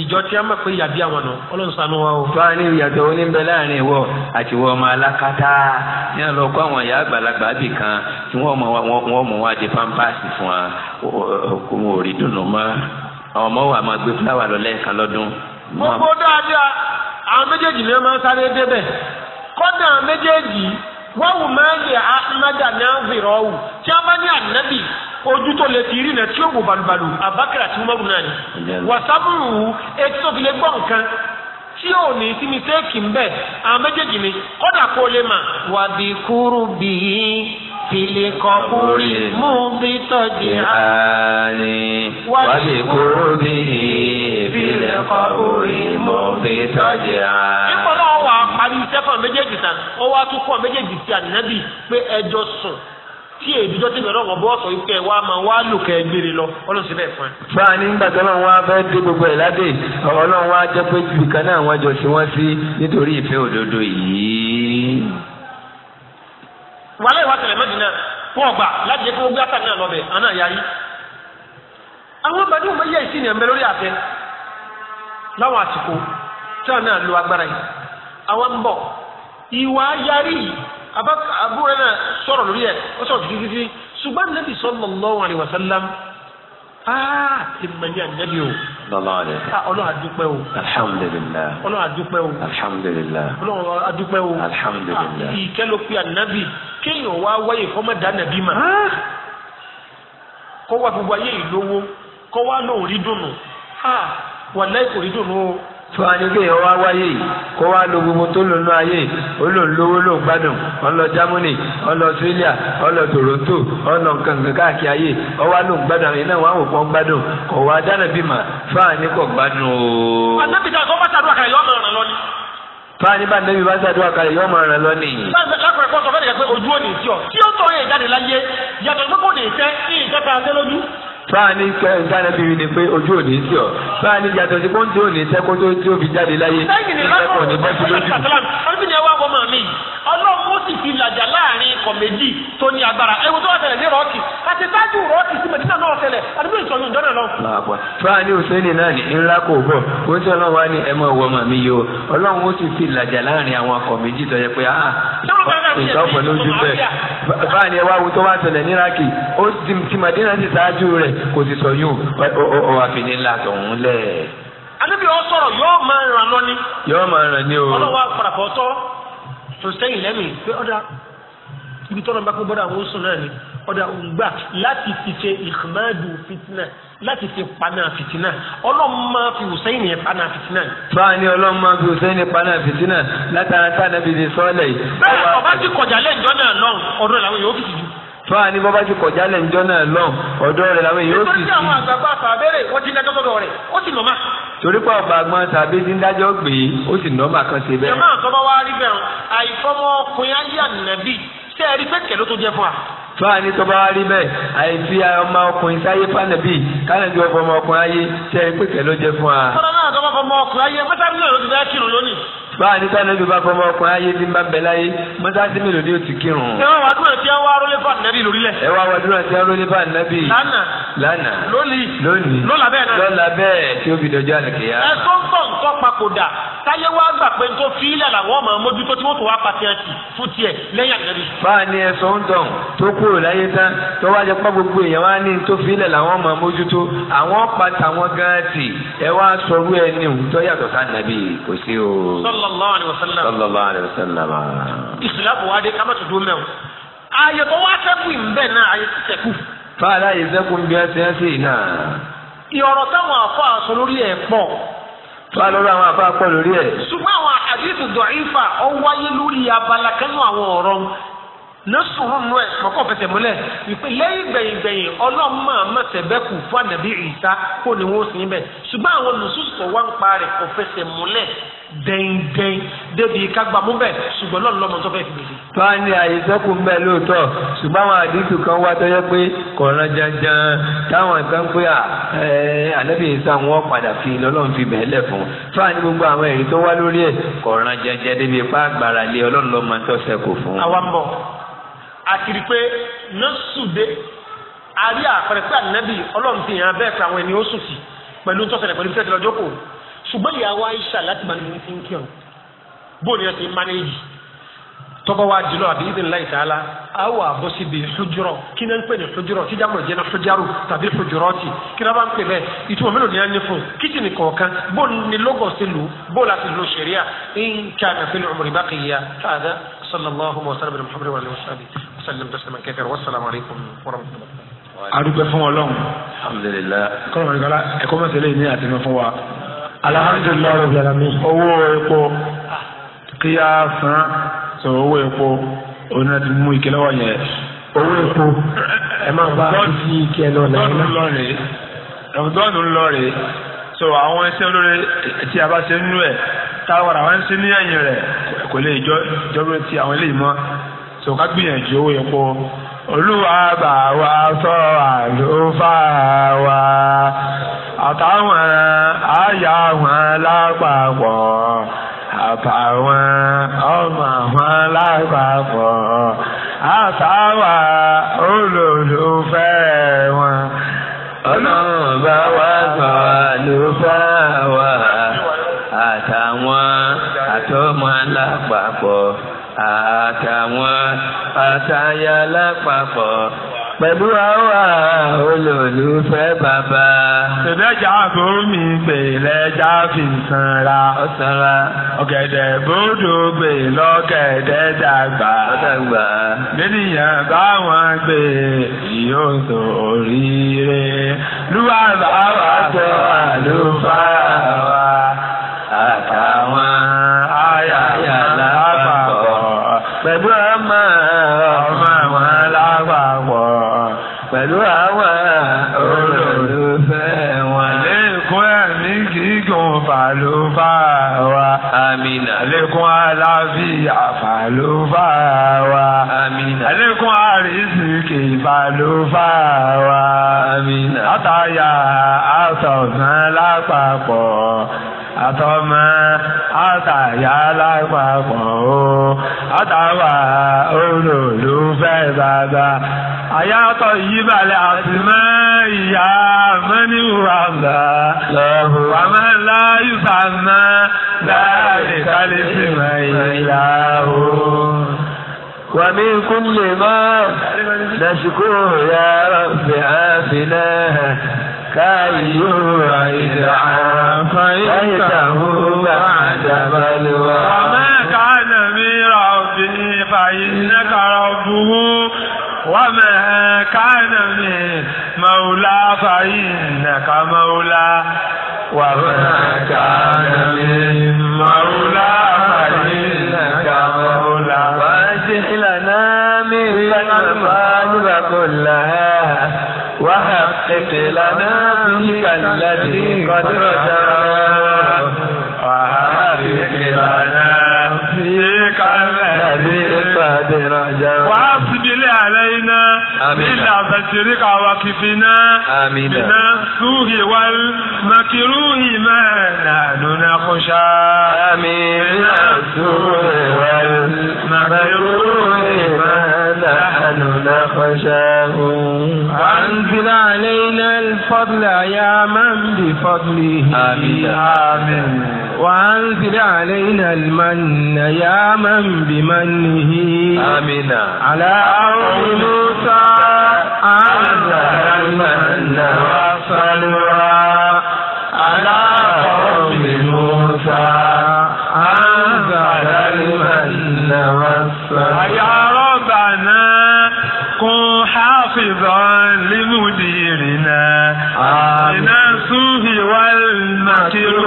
ìjọ tí a máa pe ìyàbí àwọn nù ọlọ́run ṣàánú wa o. báwa ní ìyàtọ̀ oníbẹ̀ láàrin ìwọ àti ìwọ ọmọ alákatá ní àlọ́ kó àwọn ìyá àgbàlagbà bì kan tí wọ́n mọ̀ wá di pampasì fún wa kò mọ̀ òrí dùnú mọ́ àwọn ọmọ wa máa gbé fúláwà lọ lẹ́ẹ̀kan lọ́dún. gbogbo dáadáa àwọn méjèèjì ni wọ́n máa ń sáré débẹ̀ kọ́dà méjèèjì wọ́n wù máa ń lè ahmadu anazirọ́ wù tí wọ́n bá ní ànábì ojú tó lè ti rí náà tí ó wò balùbalù àbákẹ́rẹ́ àti mọ́rù náà ni wàsábùrù etí tó fili kọkúri mú bí tọ́jú àní. wàlí kúrú bí fili kọkúri mú bí tọ́jú àní. nípa náà wà parí iṣẹ́ fún méjèèjì tán ó wá tún kọ́ méjèèjì sí ànábì pé ẹjọ́ sùn tí èdìjọ́ tí ìbẹ̀rẹ̀ ọ̀gbọ̀n bọ́ sọ wípé lọ ọlọ́run fún ẹ. bá a ní náà á dé gbogbo ládé wá jẹ́ pé ibìkan náà wọ́n jọ nítorí òdodo yìí. wàhálà ìwà tẹlẹ mẹdínà wọn gbà láti jẹ kí wọn gbé àtàkùn náà lọbẹ àná ìyá yìí àwọn ọmọdé wọn yẹ ìsìn ẹ̀mẹ́ lórí àtẹ láwọn àsìkò tí wọn náà lo agbára yìí àwọn ń bọ̀ ìwà yarí yìí náà sọ̀rọ̀ lórí ẹ̀ ó sọ̀rọ̀ títí ṣùgbọ́n nàbì sallallahu alaihi wasallam áà ti mọ̀ ní ànábì o sallallahu alaihi الحمد لله. adúpẹ́ o. الحمد لله. adúpẹ́ o. alhamdulilayi. ọlọ́run adúpẹ́ o. alhamdulilayi. Ah, ìkẹ́ ló pe ànábì kéèyàn wá wáyé fọ́mọ́ dá nàbí mà. kó wá gbogbo ayé ìlówó kó wá lóun rí dùnú wàláì kò rí dùnú o. tó a ní kéèyàn wá wáyé yìí kó wá lo gbogbo tó lò nú ayé ó ló gbádùn ó lọ Jámánì Australia ó Toronto ó nǹkan nǹkan káàkiri ayé ó ló ń gbádùn àwọn yìí wọn àwọn kan gbádùn kò wá dáná bí fúlàní kò gbádùn o. ànábì dàgbà ó bá ṣàdúrà kalẹ̀ yọ ọmọ rẹ̀ lọ ni. fúlàní bá nẹ́bí bá ṣàdúrà kalẹ̀ yọ ọmọ rẹ̀ lọ ni. lákùnrin kan sọ fẹ́ẹ́ dẹ̀gbẹ́ ojú ò ní tí ọ tí ó tọ́ ẹ̀ jáde láyé yàtọ̀ gbogbo ní ìfẹ́ ní ìjọba àti lójú. fúlàní kẹ ìdáná bíi ni pé ojú ò ní tí ọ fúlàní yàtọ̀ sí pọ́ńtì ò ní tẹ́kọ́ tó tí ó fi jáde láyé. lẹ́yìn ní sì fi làjà láàrin ikọ̀ méjì tó ní agbára ẹ̀wọ̀n tó wà tẹ̀lé ní rọ́ọ̀kì àti tájú rọ́ọ̀kì sí mẹ̀dínà náà tẹ̀lé àdúgbò ìsọ̀yún ìjọ́nà lọ. fúlàní hùsẹ́ni náà ní ńlá kò bọ̀ kó tí ọlọ́run wá ní ẹmọ ìwọ ọmọ mi o ọlọ́run ó sì fi làjà láàrin àwọn akọ̀ méjì tó yẹ pé ah ìtọ́pọ̀ ah. lójú bẹ́ẹ̀ fúlàní ẹwà wo tó wà tẹ̀lé ní rákì ó ti mẹ̀dínà sì ṣáájú rẹ̀ kò sì sọ̀yún ọ̀ àdébíyọ̀ sọ̀rọ̀ yóò máa ràn lọ́ni. yóò máa ràn ní o. ọlọ́wọ́ àpàràfọ́ tọ́ tó sẹ́yìn lẹ́mìí pé ọ̀dà ibi tọ́lọ́ bá kó bọ́dọ̀ àwọn oṣù náà ni ọ̀dà ògbà láti fi ṣe ìhàmádù fìtínà láti fi paná fìtínà ọlọ́mọ fi hùsẹ́yìn yẹn paná fìtínà. báà ní ọlọ́mọ fi hùsẹ́yìn yẹn paná fìtínà látara tá a nàbí di sọ́ọ̀lẹ̀ yìí. bẹ́ẹ̀ ọba ti kọjá lẹ́jọ́ náà náà ọdún làwọn yóò fi ti fáà ní bọ́bá ti kọjá lẹ̀ ń jọ́nà lọ ọ̀dọ́ rẹ̀ làwọn èèyàn ó sì sí. nítorí àwọn àgbàgbà tàbẹ́rẹ̀ wọ́n ti dájọ́ sọ́dọ̀ rẹ̀ ó sì nọ́mà. torí pé ọgbà àgbọn tàbí ti ń dájọ́ gbé ó sì nọ́mà kan ṣe bẹ́ẹ̀. jọ̀mọ́ àtọ́bá wa rí bẹ́ẹ̀ àìfọmọ ọkùnrin ayé ànàbì ṣé ẹ rí fẹ́kẹ̀ ló tó jẹ́ fún wa. fáà ní tọ́ba wa rí bẹ́ẹ̀ àìfi ọmọ ọkùnrin sáyé fànàbì kánàbí ọmọ ọkùnrin ayé ṣé ẹ rí fẹ́kẹ̀ ló jẹ́ fún wa. fọlọ́nà àtọ́bá fọmọ ọkùnrin ayé mọ́tàbí náà ló ti fẹ́ kírun lónìí báwa ní sáré bí bá fọmọ ọkùnrin ayé tí ń bá bẹ láyé mọ́sáàsì mélòó ni ó ti kírun. ẹ wá wàdúrà tí a wá rólé fún ànábì lórílẹ̀. ẹ wá wàdúrà tí a rólé fún ànábì. lánàá lánàá lónìí lónìí lọ́la bẹ́ẹ̀ náà lọ́la bẹ́ẹ̀ tí ó fi dọjọ́ àlùkìyà. ẹ tó ń tọ̀ nǹkan papòdà táyé wá gbà pé tó fi làwọn ọmọ mójútó tí wọ́n tó wá pàṣẹ ẹtì fún tiẹ̀ lẹ́yìn ànábì. báà ní ẹsọ ń dàn tó kúrò láyé tán tó wá jẹ gbogbo èèyàn wá ní tó fi làwọn ọmọ mójútó àwọn pàtàwọn gan-an ẹ wá sọrú ẹni òun tó yàtọ̀ sí kò sí o. sọlọ sallallahu alayhi wa sallam. sallallahu alayhi wa sallam. isilamu wa de kama tó dún mẹ́wọ̀. ààyè tó wá sẹ́kù ìbẹ̀ náà ààyè ti sẹ́kù. fáadà yìí sẹ́kù bí wọ́n ti ń sè náà. ìyọ̀rọ̀ táwọn afọ àṣọ lórí ẹ̀ pọ̀. fáà lórí àwọn afọ àpọ̀ lórí ẹ̀. ṣùgbọ́n àwọn àdìsù dọ̀ífà ọ wáyé lórí abala kẹ́nu àwọn ọ̀rọ̀ lọ́sùnrùn nù ẹ̀ mọ́kọ́ fẹsẹ̀ múlẹ̀ wípé lẹ́yìn gbẹ̀yìngbẹ̀yìn ọlọ́mọ àmọ́sẹ̀ bẹ́ẹ̀ kù fún ànàbí ìta kó ni wọ́n sìn bẹ́ẹ̀ ṣùgbọ́n àwọn olùsùsùn wá ń pa rẹ̀ kò fẹsẹ̀ múlẹ̀ dẹ́ndẹ́n débi kagbà mú bẹ́ẹ̀ ṣùgbọ́n lọ́nà lọ́mọ tó bẹ́ẹ̀ fi gbèsè. fani àyẹ̀sẹ́kù ń bẹ lóòótọ́ ṣùgbọ́n àwọn àdìsù kan wá tọ́jọ́ pé kọ̀ọ̀ràn janjan táwọn kan pé ànábì ìsà wọn padà fi lọ́lọ́run fi bẹ̀ẹ́ lẹ̀ fún un fani gbogbo àwọn èrè tó wá lórí ẹ̀ kọ̀ọ̀ràn janjan débi pa àgbàrà lé ọlọ́run lọ́mọ tó ṣẹ́kù fún. àwa mọ̀ àkìrí pé nọ́sùdé àrí àpẹẹrẹ pé ànábì ọlọ́run fi hàn bẹ́ẹ̀ pé àwọn ẹni ó sùn sí pẹ̀lú tó ṣẹlẹ̀ pẹ̀lú tẹ́tẹ́ lọ́jọ́ kò ṣùgbọ́n ìyàwó Aisha láti máa ní ti ń kírun bóun ni wọ́n ti mánéèjì tọ́bọ̀ wá jùlọ àbí ìdí ńlá ìtaala a wà bọ́ síbi hujurọ kí náà ń pè ní hujurọ tí jámọ̀ jẹ́ náà hujaru tàbí hujurọ́ọ̀tì kí náà bá ń pè bẹ́ẹ̀ ìtumọ̀ mélòó ni a ní fún kíchìnì kọ̀ọ̀kan bó ni lọ́gọ̀ sí lu bó la ti lu sẹ̀ríà in kana fil umri baqiya káàdá sallallahu alaihi wa sallam muhammadu wa sallam wa sallam taslima kathira wa salaamu ẹ̀kọ́ mẹ́tẹ̀lẹ́ ní àtẹnufún wa alhamdulilayi rabbil alamin owó epo kí san so owó epo onídàá ti mú ìkẹlẹ wọ yẹn. owó epo ẹ máa bá fífi ìkẹ lọ náà. dọ́ọ̀nù lọ rèé dọ́ọ̀nù so àwọn iṣẹ́ olóore tí a bá ṣe nínú ẹ̀ táwọn àwọn ṣe ní ẹ̀yìn rẹ̀ kò lè jọ́bọ̀ ti àwọn eléyìí mọ́ so ká gbìyànjú owó epo olúwa bá wa sọ àlùfáà wa àtàwọn àyà wọn lápapọ̀ àtàwọn ọmọ wọn lápapọ̀ àtàwọn olólùfẹ́ wọn ọlọ́run bá sọ àlùfẹ́ wa àtàwọn àtọ́mọ lápapọ̀ àtàwọn àtàyà lápapọ̀ pẹ̀lú àwa olólùfẹ́ bàbá. Ṣèlẹ́jà gómi gbèlẹ́jà fi sanra. Ó sanra. Ọ̀gẹ̀dẹ̀ bòdò gbè lọ́gẹ̀dẹ̀ dàgbà. Ó dàgbà. Lẹ́nìyàn báwọn gbé yóò tó oríire. Lúwàbà wà tó àlùfáà wa. ìbálòfà wa. àlékún àrísìkì ìbálòfà Ataya àtàyà àtọ̀sán lápapọ̀ àtọmọ àtàyà lápapọ̀ o. atawa olólùfẹ́ bàbá. àyàtọ̀ yìí balẹ̀ àtìmọ́ ìyá mẹ́niwàmbá. lọ́hùn. wàmẹ́ láyùsàn náà. ذلك ومن كل ما نشكوه يا رب عافنا كأيها إذ عافيته بعد بلوى وما كان من ربه فإنك ربه وما كان من مولى فإنك مولى وما كان من مولا فإنك مولا وأنزح لنا من المغارب كلها وحقق لنا منك الذي قد رجعنا وحقق لنا فيك الذي قد رجعنا علينا إلا بالشرك تشريك من بمكروه والمكروه ما نحن نخشى آمين بالمكروه والمكروه نخشاه أنزل علينا الفضل يا من بفضله آمين آمين وأنزل علينا المن يا من بمنه آمين على أرض موسى أنزل المن وصلوا على قوم موسى أنزل المن والصلوى Gracias. Ah,